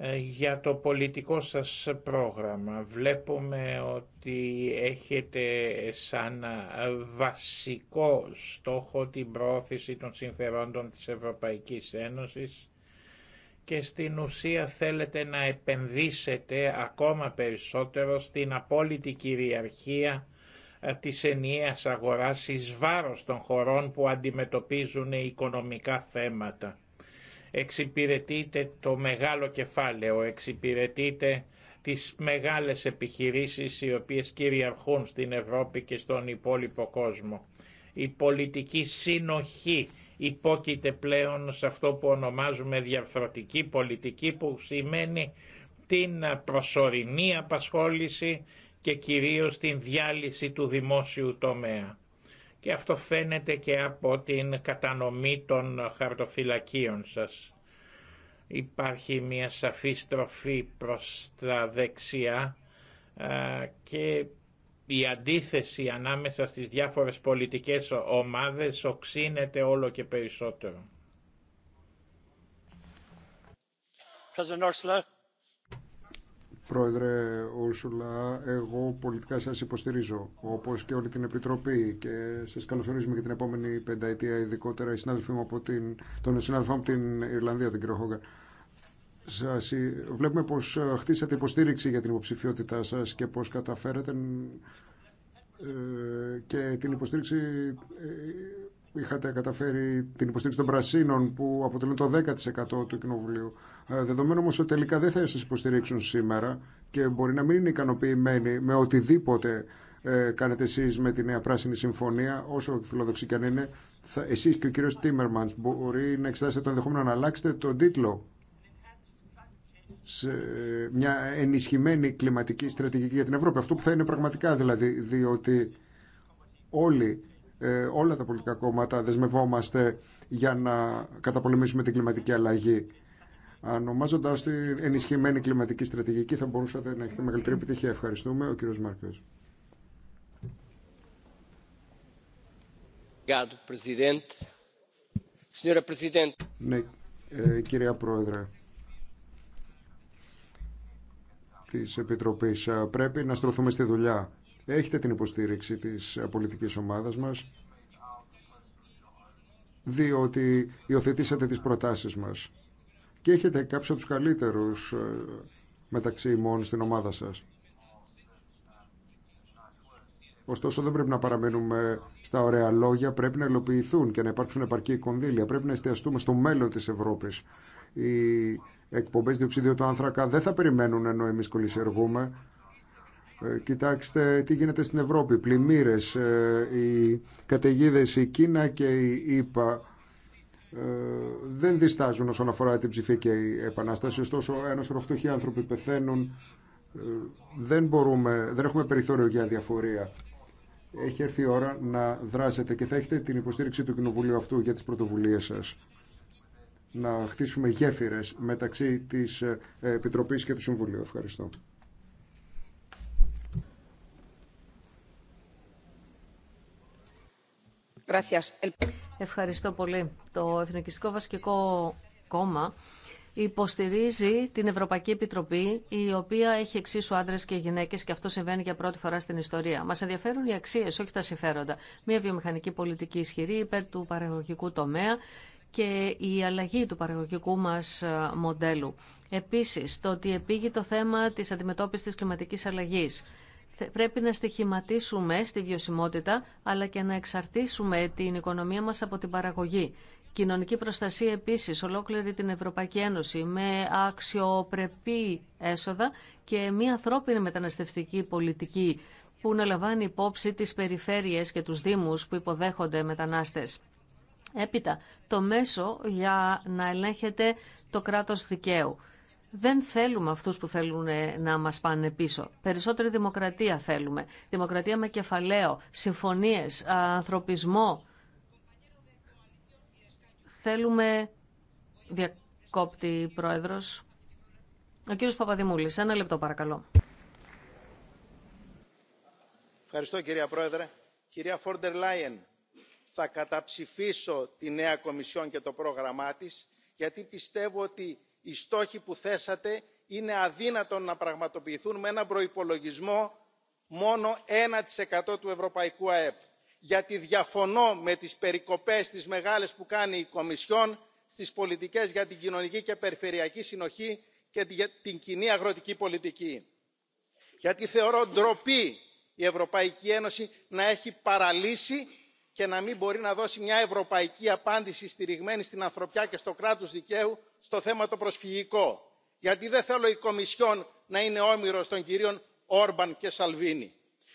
Ε, για το πολιτικό σας πρόγραμμα. Βλέπουμε ότι έχετε σαν ε, βασικό στόχο την πρόθεση των συμφερόντων της Ευρωπαϊκής Ένωσης και στην ουσία θέλετε να επενδύσετε ακόμα περισσότερο στην απόλυτη κυριαρχία ε, της ενιαίας αγοράς εις βάρος των χωρών που αντιμετωπίζουν οικονομικά θέματα εξυπηρετείτε το μεγάλο κεφάλαιο, εξυπηρετείτε τις μεγάλες επιχειρήσεις οι οποίες κυριαρχούν στην Ευρώπη και στον υπόλοιπο κόσμο. Η πολιτική συνοχή υπόκειται πλέον σε αυτό που ονομάζουμε διαρθρωτική πολιτική που σημαίνει την προσωρινή απασχόληση και κυρίως την διάλυση του δημόσιου τομέα και αυτό φαίνεται και από την κατανομή των χαρτοφυλακίων σας. Υπάρχει μια σαφή στροφή προς τα δεξιά και η αντίθεση ανάμεσα στις διάφορες πολιτικές ομάδες οξύνεται όλο και περισσότερο. Πρόεδρε Ούρσουλα, εγώ πολιτικά σας υποστηρίζω, όπως και όλη την Επιτροπή και σα καλωσορίζουμε για την επόμενη πενταετία, ειδικότερα οι συνάδελφοί μου από την, τον συνάδελφό μου από την Ιρλανδία, τον κύριο Χόγκαν. Σας, ε, βλέπουμε πως ε, χτίσατε υποστήριξη για την υποψηφιότητά σας και πως καταφέρατε ε, και την υποστήριξη είχατε καταφέρει την υποστήριξη των πρασίνων που αποτελούν το 10% του Κοινοβουλίου. Ε, δεδομένου όμω ότι τελικά δεν θα σα υποστηρίξουν σήμερα και μπορεί να μην είναι ικανοποιημένοι με οτιδήποτε ε, κάνετε εσεί με τη Νέα Πράσινη Συμφωνία, όσο φιλοδοξή και αν είναι, εσεί και ο κύριο Τίμερμαντ μπορεί να εξετάσετε το ενδεχόμενο να αλλάξετε τον τίτλο σε μια ενισχυμένη κλιματική στρατηγική για την Ευρώπη. Αυτό που θα είναι πραγματικά δηλαδή, διότι όλοι ε, όλα τα πολιτικά κόμματα δεσμευόμαστε για να καταπολεμήσουμε την κλιματική αλλαγή. Ανομάζοντα την ενισχυμένη κλιματική στρατηγική, θα μπορούσατε να έχετε μεγαλύτερη επιτυχία. Ευχαριστούμε. Ο κύριο Μάρκο. Ναι, ε, κυρία Πρόεδρε της Επιτροπής. Ε, πρέπει να στρωθούμε στη δουλειά. Έχετε την υποστήριξη της πολιτικής ομάδας μας, διότι υιοθετήσατε τις προτάσεις μας και έχετε κάποιους από τους καλύτερους ε, μεταξύ ημών στην ομάδα σας. Ωστόσο δεν πρέπει να παραμένουμε στα ωραία λόγια, πρέπει να υλοποιηθούν και να υπάρξουν επαρκή κονδύλια. Πρέπει να εστιαστούμε στο μέλλον της Ευρώπης. Οι εκπομπές διοξιδίου του άνθρακα δεν θα περιμένουν ενώ εμείς κολυσιεργούμε. Ε, κοιτάξτε τι γίνεται στην Ευρώπη. Πλημμύρες, ε, οι καταιγίδε, η Κίνα και η ΙΠΑ ε, δεν διστάζουν όσον αφορά την ψηφιακή επανάσταση. Ωστόσο, ένα σωρό φτωχοί άνθρωποι πεθαίνουν. Δεν, μπορούμε, δεν έχουμε περιθώριο για διαφορία. Έχει έρθει η ώρα να δράσετε και θα έχετε την υποστήριξη του Κοινοβουλίου αυτού για τις πρωτοβουλίες σας. Να χτίσουμε γέφυρες μεταξύ της Επιτροπής και του Συμβουλίου. Ευχαριστώ. Ευχαριστώ πολύ. Το Εθνικιστικό Βασικό Κόμμα υποστηρίζει την Ευρωπαϊκή Επιτροπή, η οποία έχει εξίσου άντρε και γυναίκε και αυτό συμβαίνει για πρώτη φορά στην ιστορία. Μα ενδιαφέρουν οι αξίε, όχι τα συμφέροντα. Μια βιομηχανική πολιτική ισχυρή υπέρ του παραγωγικού τομέα και η αλλαγή του παραγωγικού μας ε, μοντέλου. Επίσης, το ότι επήγει το θέμα της αντιμετώπισης της κλιματικής αλλαγής, πρέπει να στοιχηματίσουμε στη βιωσιμότητα, αλλά και να εξαρτήσουμε την οικονομία μας από την παραγωγή. Κοινωνική προστασία επίσης, ολόκληρη την Ευρωπαϊκή Ένωση, με αξιοπρεπή έσοδα και μια ανθρώπινη μεταναστευτική πολιτική που να λαμβάνει υπόψη τις περιφέρειες και τους δήμους που υποδέχονται μετανάστες. Έπειτα, το μέσο για να ελέγχεται το κράτος δικαίου δεν θέλουμε αυτού που θέλουν ε, να μα πάνε πίσω. Περισσότερη δημοκρατία θέλουμε. Δημοκρατία με κεφαλαίο, συμφωνίες, ανθρωπισμό. Θέλουμε... Διακόπτη πρόεδρο. Ο κύριος Παπαδημούλης, ένα λεπτό παρακαλώ. Ευχαριστώ κυρία Πρόεδρε. Κυρία Φόρντερ Λάιεν, θα καταψηφίσω τη νέα Κομισιόν και το πρόγραμμά της, γιατί πιστεύω ότι οι στόχοι που θέσατε είναι αδύνατον να πραγματοποιηθούν με έναν προϋπολογισμό μόνο 1% του ευρωπαϊκού αεπ γιατί διαφωνώ με τις περικοπές τις μεγάλες που κάνει η κομισιόν στις πολιτικές για την κοινωνική και περιφερειακή συνοχή και την κοινή αγροτική πολιτική γιατί θεωρώ ντροπή η ευρωπαϊκή ένωση να έχει παραλύσει και να μην μπορεί να δώσει μια ευρωπαϊκή απάντηση στηριγμένη στην ανθρωπιά και στο κράτος δικαίου στο θέμα το προσφυγικό γιατί δεν θέλω η κομισιόν να είναι όμηρος των κυρίων όρμπαν και σαλβίνη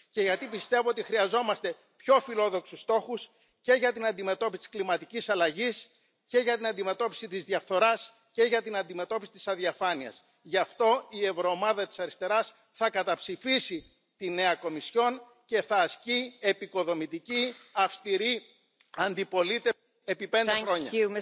και γιατί πιστεύω ότι χρειαζόμαστε πιο φιλόδοξους στόχους και για την αντιμετώπιση της κλιματικής αλλαγής και για την αντιμετώπιση της διαφθοράς και για την αντιμετώπιση της αδιαφάνειας. γι' αυτό η ευρωομάδα της αριστεράς θα καταψηφίσει τη νέα κομισιόν και θα ασκεί επικοδομητική αυστηρή αντιπολίτευση κυρία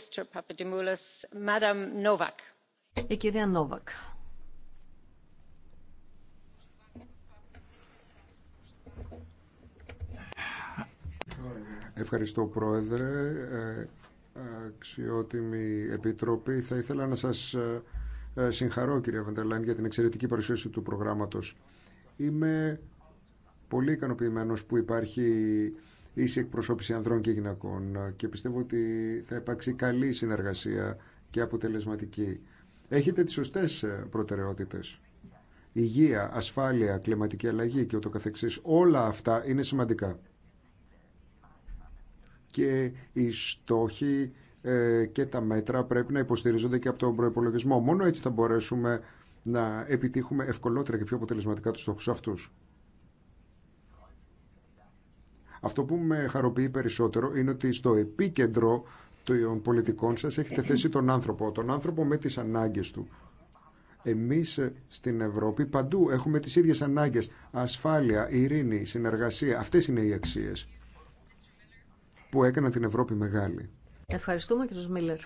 Ευχαριστώ Πρόεδρε. Ε, αξιότιμη Επιτροπή, θα ήθελα να σας ε, ε, συγχαρώ κυρία Βεντελάν, για την εξαιρετική παρουσίαση του προγράμματος. Είμαι πολύ ικανοποιημένος που υπάρχει σε εκπροσώπηση ανδρών και γυναικών και πιστεύω ότι θα υπάρξει καλή συνεργασία και αποτελεσματική. Έχετε τις σωστές ε, προτεραιότητες. Υγεία, ασφάλεια, κλιματική αλλαγή και ούτω καθεξής. Όλα αυτά είναι σημαντικά. Και οι στόχοι ε, και τα μέτρα πρέπει να υποστηρίζονται και από τον προϋπολογισμό. Μόνο έτσι θα μπορέσουμε να επιτύχουμε ευκολότερα και πιο αποτελεσματικά τους στόχους αυτούς. Αυτό που με χαροποιεί περισσότερο είναι ότι στο επίκεντρο των πολιτικών σας έχετε θέσει τον άνθρωπο, τον άνθρωπο με τις ανάγκες του. Εμείς ε, στην Ευρώπη παντού έχουμε τις ίδιες ανάγκες. Ασφάλεια, ειρήνη, συνεργασία. Αυτές είναι οι αξίες που έκαναν την Ευρώπη μεγάλη. Ευχαριστούμε κύριο Μίλλερ.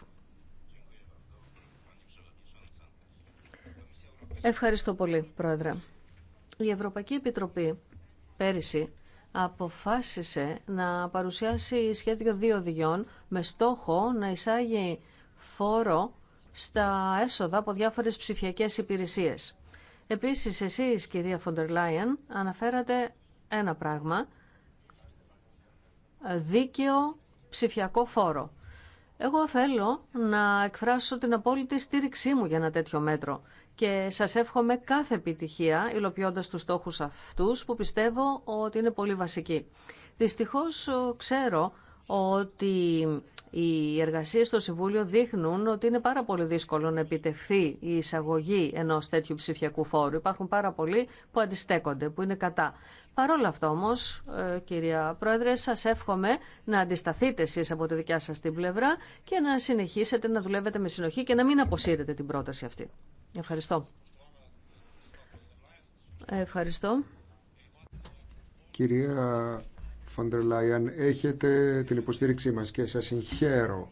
Ευχαριστώ πολύ, Πρόεδρε. Η Ευρωπαϊκή Επιτροπή πέρυσι αποφάσισε να παρουσιάσει σχέδιο δύο οδηγιών με στόχο να εισάγει φόρο στα έσοδα από διάφορες ψηφιακές υπηρεσίες. Επίσης, εσείς, κυρία Φοντερ Λάιεν, αναφέρατε ένα πράγμα, δίκαιο ψηφιακό φόρο. Εγώ θέλω να εκφράσω την απόλυτη στήριξή μου για ένα τέτοιο μέτρο και σας εύχομαι κάθε επιτυχία υλοποιώντας τους στόχους αυτούς που πιστεύω ότι είναι πολύ βασικοί. Δυστυχώς ξέρω ότι οι εργασίες στο Συμβούλιο δείχνουν ότι είναι πάρα πολύ δύσκολο να επιτευχθεί η εισαγωγή ενός τέτοιου ψηφιακού φόρου. Υπάρχουν πάρα πολλοί που αντιστέκονται, που είναι κατά. Παρόλα όλα αυτά όμως, ε, κυρία Πρόεδρε, σας εύχομαι να αντισταθείτε εσείς από τη δικιά σας την πλευρά και να συνεχίσετε να δουλεύετε με συνοχή και να μην αποσύρετε την πρόταση αυτή. Ευχαριστώ. Ευχαριστώ. Κυρία Φοντερ Λάιαν, έχετε την υποστήριξή μας και σας συγχαίρω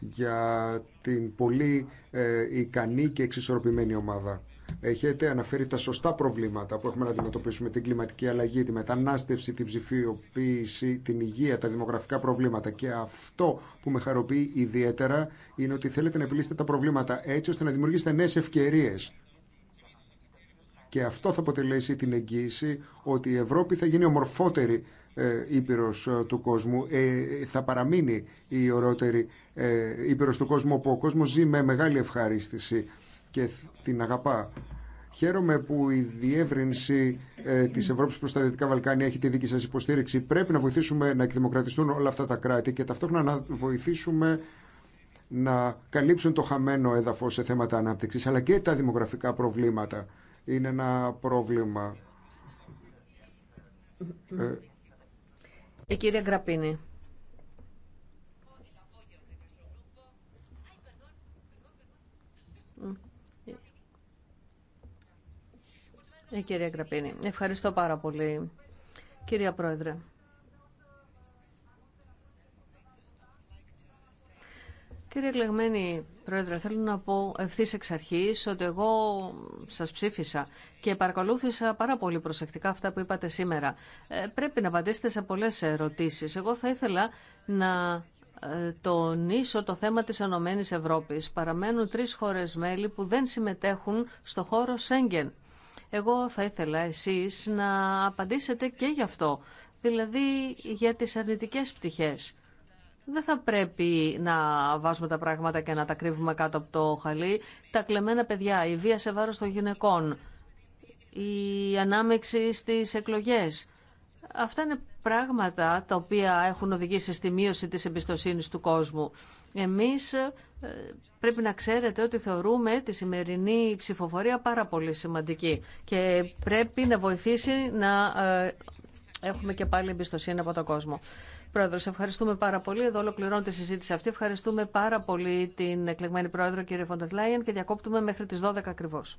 για την πολύ ε, ικανή και εξισορροπημένη ομάδα έχετε αναφέρει τα σωστά προβλήματα που έχουμε να αντιμετωπίσουμε, την κλιματική αλλαγή, τη μετανάστευση, την ψηφιοποίηση, την υγεία, τα δημογραφικά προβλήματα. Και αυτό που με χαροποιεί ιδιαίτερα είναι ότι θέλετε να επιλύσετε τα προβλήματα έτσι ώστε να δημιουργήσετε νέε ευκαιρίε. Και αυτό θα αποτελέσει την εγγύηση ότι η Ευρώπη θα γίνει ομορφότερη ε, ήπειρος ε, του κόσμου ε, θα παραμείνει η ωραιότερη ήπειρος του κόσμου όπου ο κόσμος ζει με μεγάλη ευχαρίστηση και την αγαπά. Χαίρομαι που η διεύρυνση ε, τη Ευρώπη προ τα Δυτικά Βαλκάνια έχει τη δική σα υποστήριξη. Πρέπει να βοηθήσουμε να εκδημοκρατιστούν όλα αυτά τα κράτη και ταυτόχρονα να βοηθήσουμε να καλύψουν το χαμένο έδαφο σε θέματα ανάπτυξη αλλά και τα δημογραφικά προβλήματα. Είναι ένα πρόβλημα. Η ε, ε, κυρία Γκραπίνη. Η κυρία Γκραπίνη. Ευχαριστώ πάρα πολύ, κυρία Πρόεδρε. Κύριε Εκλεγμένη Πρόεδρε, θέλω να πω ευθύ εξ αρχή ότι εγώ σα ψήφισα και παρακολούθησα πάρα πολύ προσεκτικά αυτά που είπατε σήμερα. Ε, πρέπει να απαντήσετε σε πολλέ ερωτήσει. Εγώ θα ήθελα να ε, τονίσω το θέμα της Ενωμένης ΕΕ. Ευρώπης. Παραμένουν τρεις χώρες μέλη που δεν συμμετέχουν στο χώρο Σέγγεν. Εγώ θα ήθελα εσείς να απαντήσετε και γι' αυτό, δηλαδή για τις αρνητικές πτυχές. Δεν θα πρέπει να βάζουμε τα πράγματα και να τα κρύβουμε κάτω από το χαλί. Τα κλεμμένα παιδιά, η βία σε βάρος των γυναικών, η ανάμεξη στις εκλογές. Αυτά είναι πράγματα τα οποία έχουν οδηγήσει στη μείωση της εμπιστοσύνης του κόσμου. Εμείς πρέπει να ξέρετε ότι θεωρούμε τη σημερινή ψηφοφορία πάρα πολύ σημαντική και πρέπει να βοηθήσει να ε, έχουμε και πάλι εμπιστοσύνη από τον κόσμο. Πρόεδρος, ευχαριστούμε πάρα πολύ. Εδώ ολοκληρώνω τη συζήτηση αυτή. Ευχαριστούμε πάρα πολύ την εκλεγμένη πρόεδρο, κύριε Λάιεν και διακόπτουμε μέχρι τις 12 ακριβώς.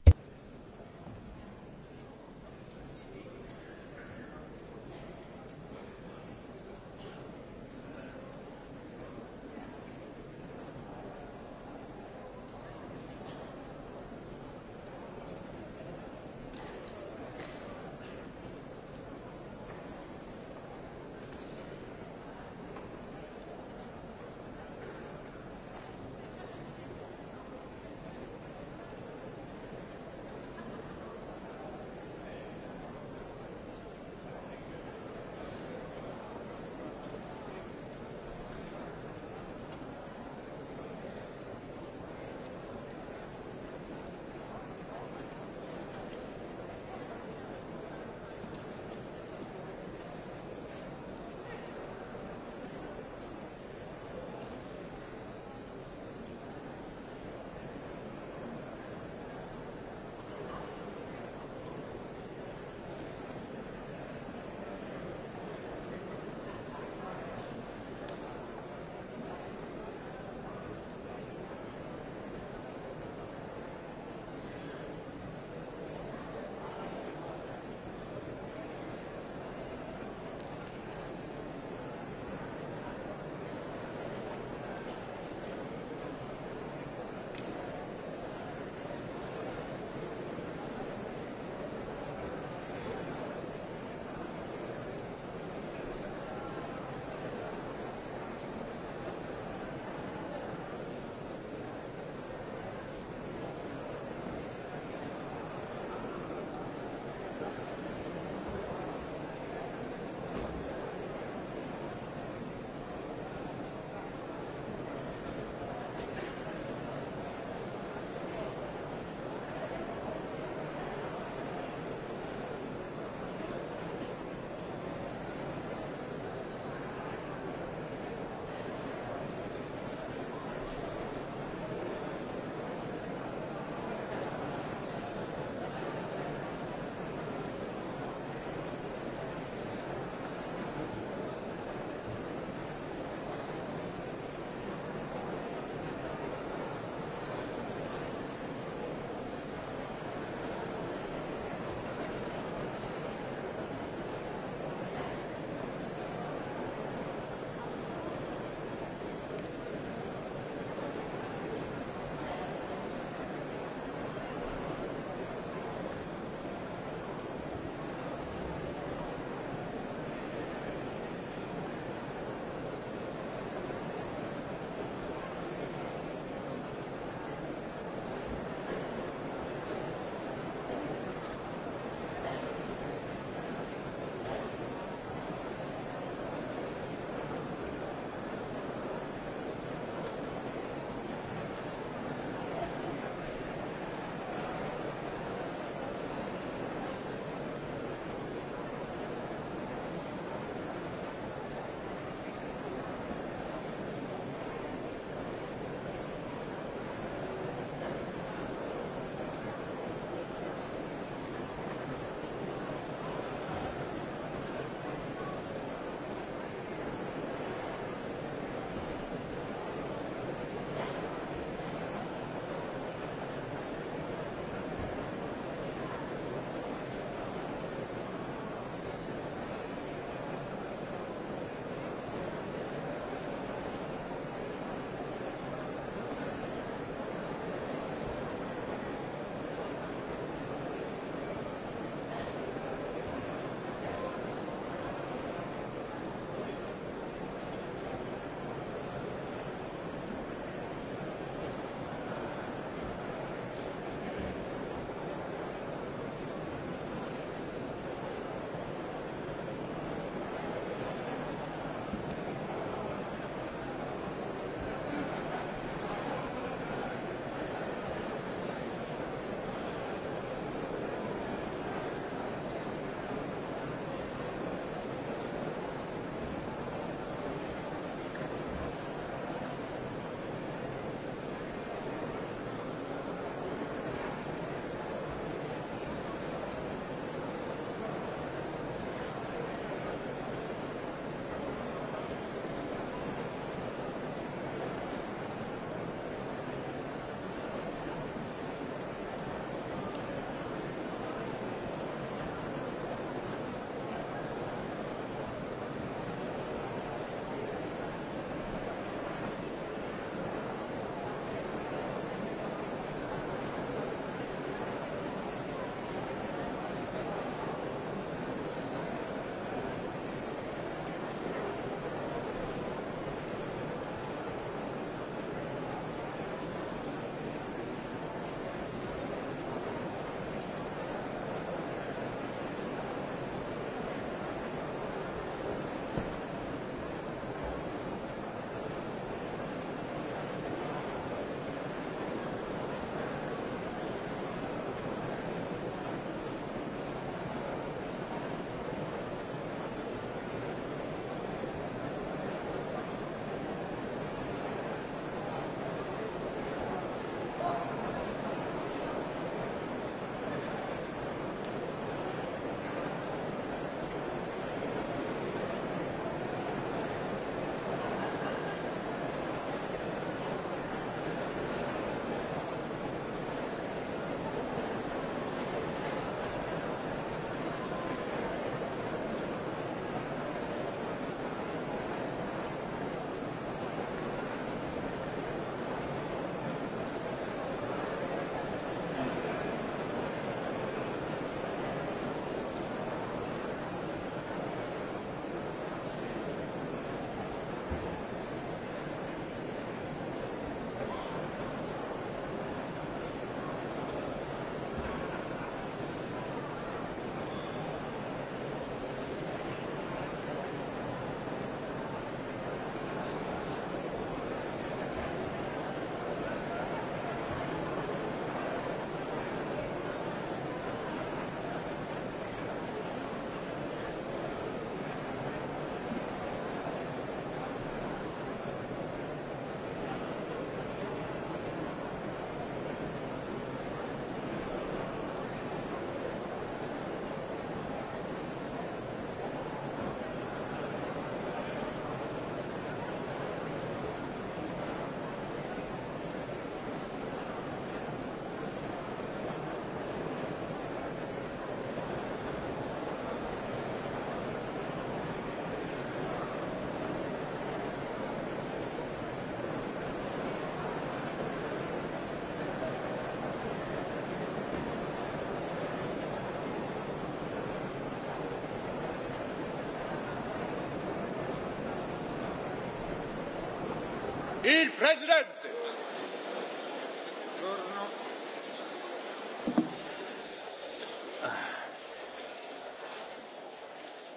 Presidente.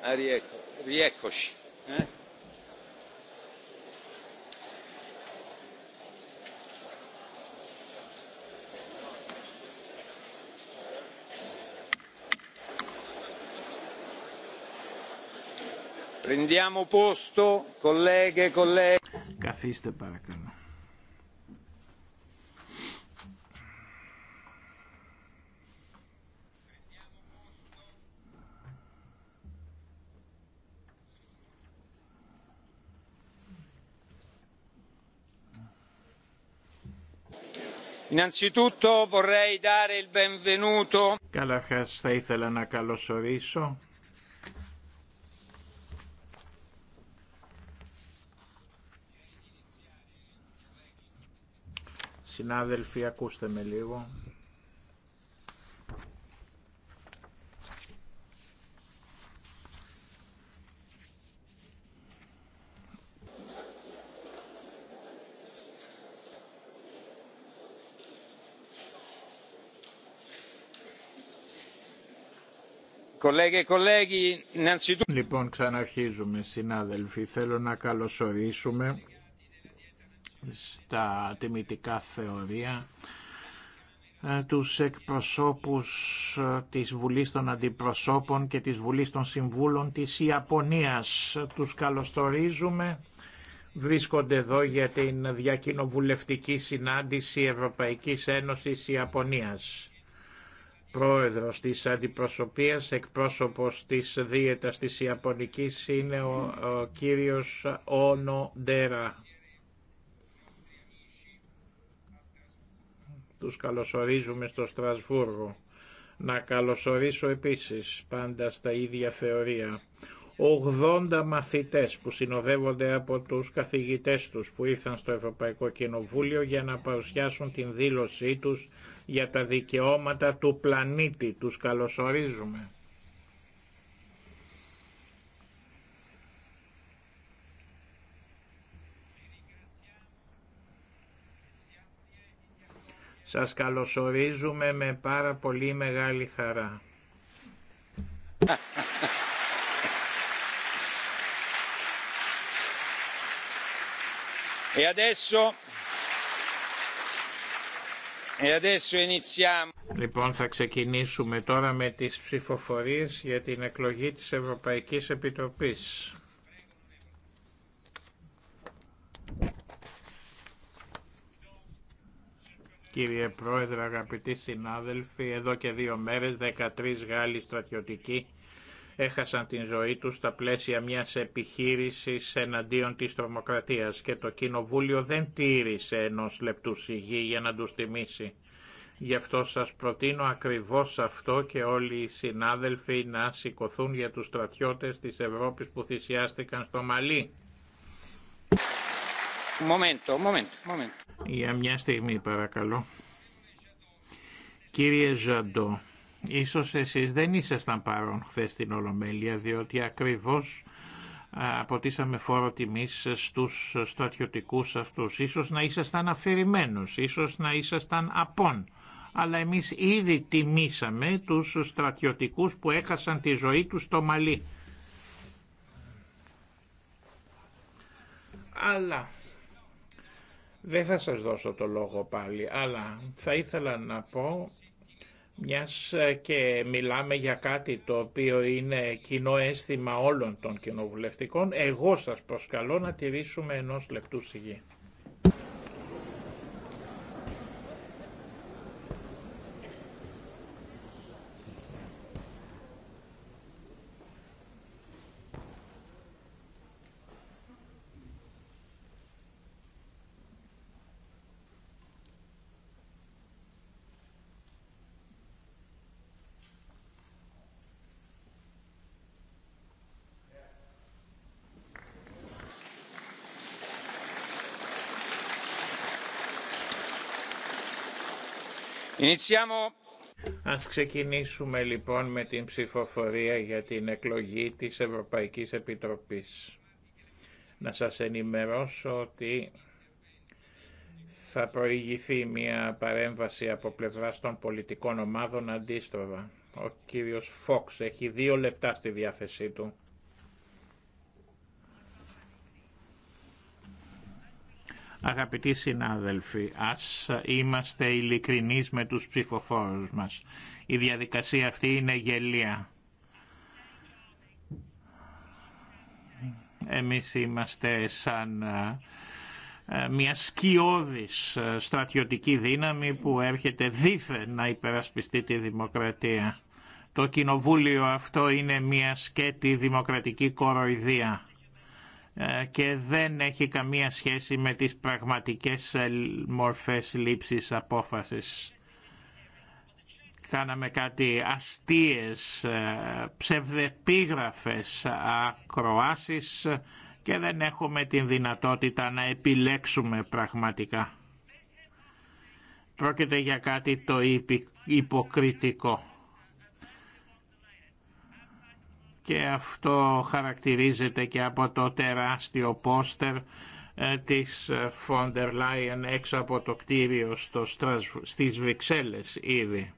Ah, riecco, rieccoci. Eh? Prendiamo posto, colleghe, colleghi. Καθίστε παρακαλώ. Innanzitutto vorrei dare θα ήθελα να καλωσορίσω Συνάδελφοι, ακούστε με λίγο. Λοιπόν, ξαναρχίζουμε συνάδελφοι. Θέλω να καλωσορίσουμε στα τιμητικά θεωρία ε, τους εκπροσώπους ε, της Βουλής των Αντιπροσώπων και της Βουλής των Συμβούλων της Ιαπωνίας. Τους καλωσορίζουμε. Βρίσκονται εδώ για την διακοινοβουλευτική συνάντηση Ευρωπαϊκής Ένωσης Ιαπωνίας πρόεδρος της αντιπροσωπείας, εκπρόσωπος της δίαιτας της Ιαπωνικής είναι ο, ο κύριος Όνο Ντέρα. Τους καλωσορίζουμε στο Στρασβούργο. Να καλωσορίσω επίσης πάντα στα ίδια θεωρία 80 μαθητές που συνοδεύονται από τους καθηγητές τους που ήρθαν στο Ευρωπαϊκό Κοινοβούλιο για να παρουσιάσουν την δήλωσή τους για τα δικαιώματα του πλανήτη. Τους καλωσορίζουμε. Σας καλωσορίζουμε με πάρα πολύ μεγάλη χαρά. E e λοιπόν, θα ξεκινήσουμε τώρα με τις ψηφοφορίες για την εκλογή της Ευρωπαϊκής Επιτροπής. Κύριε Πρόεδρε, αγαπητοί συνάδελφοι, εδώ και δύο μέρες 13 Γάλλοι στρατιωτικοί έχασαν την ζωή τους στα πλαίσια μιας επιχείρησης εναντίον της τρομοκρατίας και το Κοινοβούλιο δεν τήρησε ενός λεπτού σιγή για να τους τιμήσει. Γι' αυτό σας προτείνω ακριβώς αυτό και όλοι οι συνάδελφοι να σηκωθούν για τους στρατιώτες της Ευρώπης που θυσιάστηκαν στο Μαλί. Για μια στιγμή παρακαλώ. Κύριε Ζαντό, Ίσως εσείς δεν ήσασταν παρόν χθε στην Ολομέλεια, διότι ακριβώς αποτίσαμε φόρο τιμής στους στρατιωτικούς αυτούς. Ίσως να ήσασταν αφηρημένους, ίσως να ήσασταν απόν. Αλλά εμείς ήδη τιμήσαμε τους στρατιωτικούς που έχασαν τη ζωή τους στο Μαλί. Αλλά δεν θα σας δώσω το λόγο πάλι, αλλά θα ήθελα να πω μιας ε, και μιλάμε για κάτι το οποίο είναι κοινό αίσθημα όλων των κοινοβουλευτικών, εγώ σας προσκαλώ να τηρήσουμε ενός λεπτού σιγή. Iniziamo. Ας ξεκινήσουμε λοιπόν με την ψηφοφορία για την εκλογή της Ευρωπαϊκής Επιτροπής. Να σας ενημερώσω ότι θα προηγηθεί μια παρέμβαση από πλευρά των πολιτικών ομάδων αντίστροφα. Ο κύριος Φόξ έχει δύο λεπτά στη διάθεσή του. Αγαπητοί συνάδελφοι, ας είμαστε ειλικρινεί με τους ψηφοφόρους μας. Η διαδικασία αυτή είναι γελία. Εμείς είμαστε σαν ε, ε, μια σκιώδης ε, στρατιωτική δύναμη που έρχεται δίθεν να υπερασπιστεί τη δημοκρατία. Το κοινοβούλιο αυτό είναι μια σκέτη δημοκρατική κοροϊδία ε, και δεν έχει καμία σχέση με τις πραγματικές ε, μορφές λήψης απόφασης. Κάναμε κάτι αστείες, ε, ψευδεπίγραφες ακροάσεις και δεν έχουμε την δυνατότητα να επιλέξουμε πραγματικά. Πρόκειται για κάτι το υποκριτικό. και αυτό χαρακτηρίζεται και από το τεράστιο πόστερ ε, της Φόντερ Λάιεν έξω από το κτίριο στο στρασ στις Βρυξέλλες ήδη.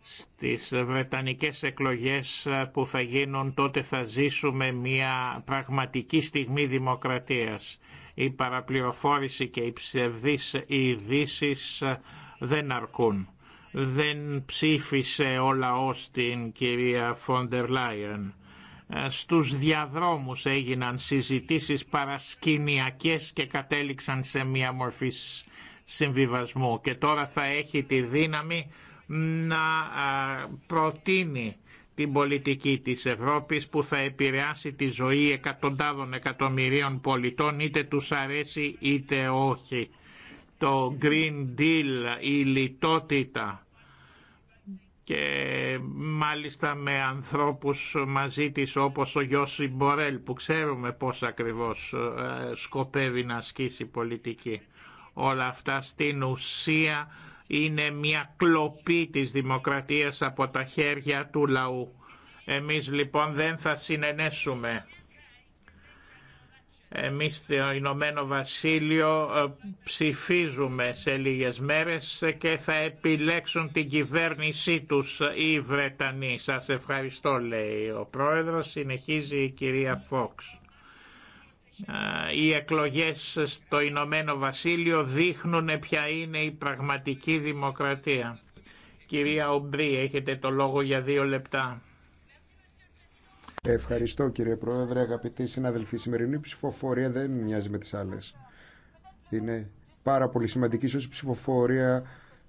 Στις Βρετανικές εκλογές ε, που θα γίνουν τότε θα ζήσουμε μια πραγματική στιγμή δημοκρατίας. Η παραπληροφόρηση και οι ψευδείς ειδήσει ε, δεν αρκούν δεν ψήφισε ο λαός την κυρία Φόντερ Λάιεν. Ε, στους διαδρόμους έγιναν συζητήσεις παρασκηνιακές και κατέληξαν σε μια μορφή συμβιβασμού και τώρα θα έχει τη δύναμη να προτείνει την πολιτική της Ευρώπης που θα επηρεάσει τη ζωή εκατοντάδων εκατομμυρίων πολιτών είτε τους αρέσει είτε όχι. Το Green Deal, η λιτότητα, και μάλιστα με ανθρώπους μαζί της όπως ο Γιώση Μπορέλ που ξέρουμε πώς ακριβώς ε, σκοπεύει να ασκήσει πολιτική. Όλα αυτά στην ουσία είναι μια κλοπή της δημοκρατίας από τα χέρια του λαού. Εμείς λοιπόν δεν θα συνενέσουμε εμείς στο Ηνωμένο Βασίλειο ε, ψηφίζουμε σε λίγες μέρες και θα επιλέξουν την κυβέρνησή τους οι Βρετανοί. Σας ευχαριστώ λέει ο πρόεδρος, συνεχίζει η κυρία Φόξ. Ε, οι εκλογές στο Ηνωμένο Βασίλειο δείχνουν ποια είναι η πραγματική δημοκρατία. Κυρία Ομπρί, έχετε το λόγο για δύο λεπτά. Ευχαριστώ κύριε Πρόεδρε, αγαπητοί συναδελφοί. Η σημερινή ψηφοφορία δεν μοιάζει με τις άλλες. Είναι πάρα πολύ σημαντική ίσως η ψηφοφορία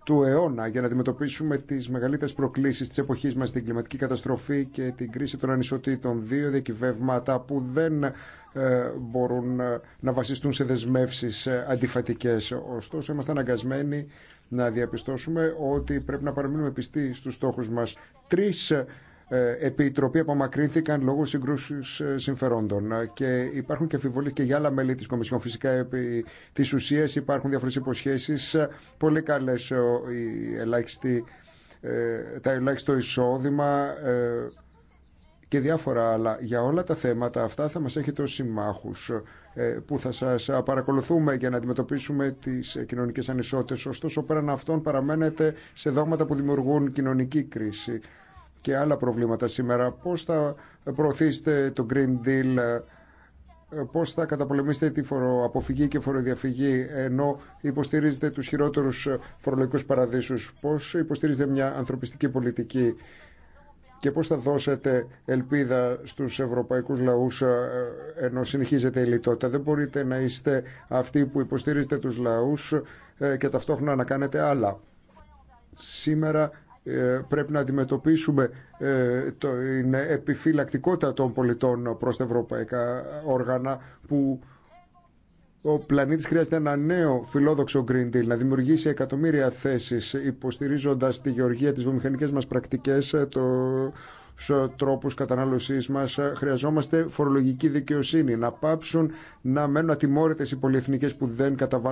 του αιώνα για να αντιμετωπίσουμε τις μεγαλύτερες προκλήσεις της εποχής μας, την κλιματική καταστροφή και την κρίση των ανισοτήτων. Δύο διακυβεύματα που δεν ε, μπορούν ε, να βασιστούν σε δεσμεύσεις ε, αντιφατικές. Ωστόσο, είμαστε αναγκασμένοι να διαπιστώσουμε ότι πρέπει να παραμείνουμε πιστοί στους στόχους μας. Τρεις ε, τροπή απομακρύνθηκαν λόγω συγκρούσει συμφερόντων. Ε, και υπάρχουν και αφιβολίε και για άλλα μέλη τη Κομισιόν. Φυσικά, επί τη ουσία υπάρχουν διάφορε υποσχέσει. Ε, πολύ καλέ τα ελάχιστο εισόδημα και διάφορα άλλα. Για όλα τα θέματα αυτά θα μας έχετε ως συμμάχους που θα σας παρακολουθούμε για να αντιμετωπίσουμε τις κοινωνικές ανισότητες. Ωστόσο, πέραν αυτών παραμένετε σε δόγματα που δημιουργούν κοινωνική κρίση και άλλα προβλήματα σήμερα. Πώς θα προωθήσετε το Green Deal, πώς θα καταπολεμήσετε τη φοροαποφυγή και φοροδιαφυγή ενώ υποστηρίζετε τους χειρότερους φορολογικούς παραδείσους, πώς υποστηρίζετε μια ανθρωπιστική πολιτική και πώς θα δώσετε ελπίδα στους ευρωπαϊκούς λαούς ε, ενώ συνεχίζετε η λιτότητα. Δεν μπορείτε να είστε αυτοί που υποστηρίζετε τους λαούς ε, και ταυτόχρονα να κάνετε άλλα. Σήμερα ε, πρέπει να αντιμετωπίσουμε ε, την επιφυλακτικότητα των πολιτών προς τα ευρωπαϊκά όργανα που ο πλανήτης χρειάζεται ένα νέο φιλόδοξο Green Deal να δημιουργήσει εκατομμύρια θέσεις υποστηρίζοντας τη γεωργία, της βιομηχανικές μας πρακτικές, ε, το, τρόπους κατανάλωσής μας χρειαζόμαστε φορολογική δικαιοσύνη να πάψουν να μένουν ατιμόρυτες οι πολυεθνικές που δεν καταβάλουν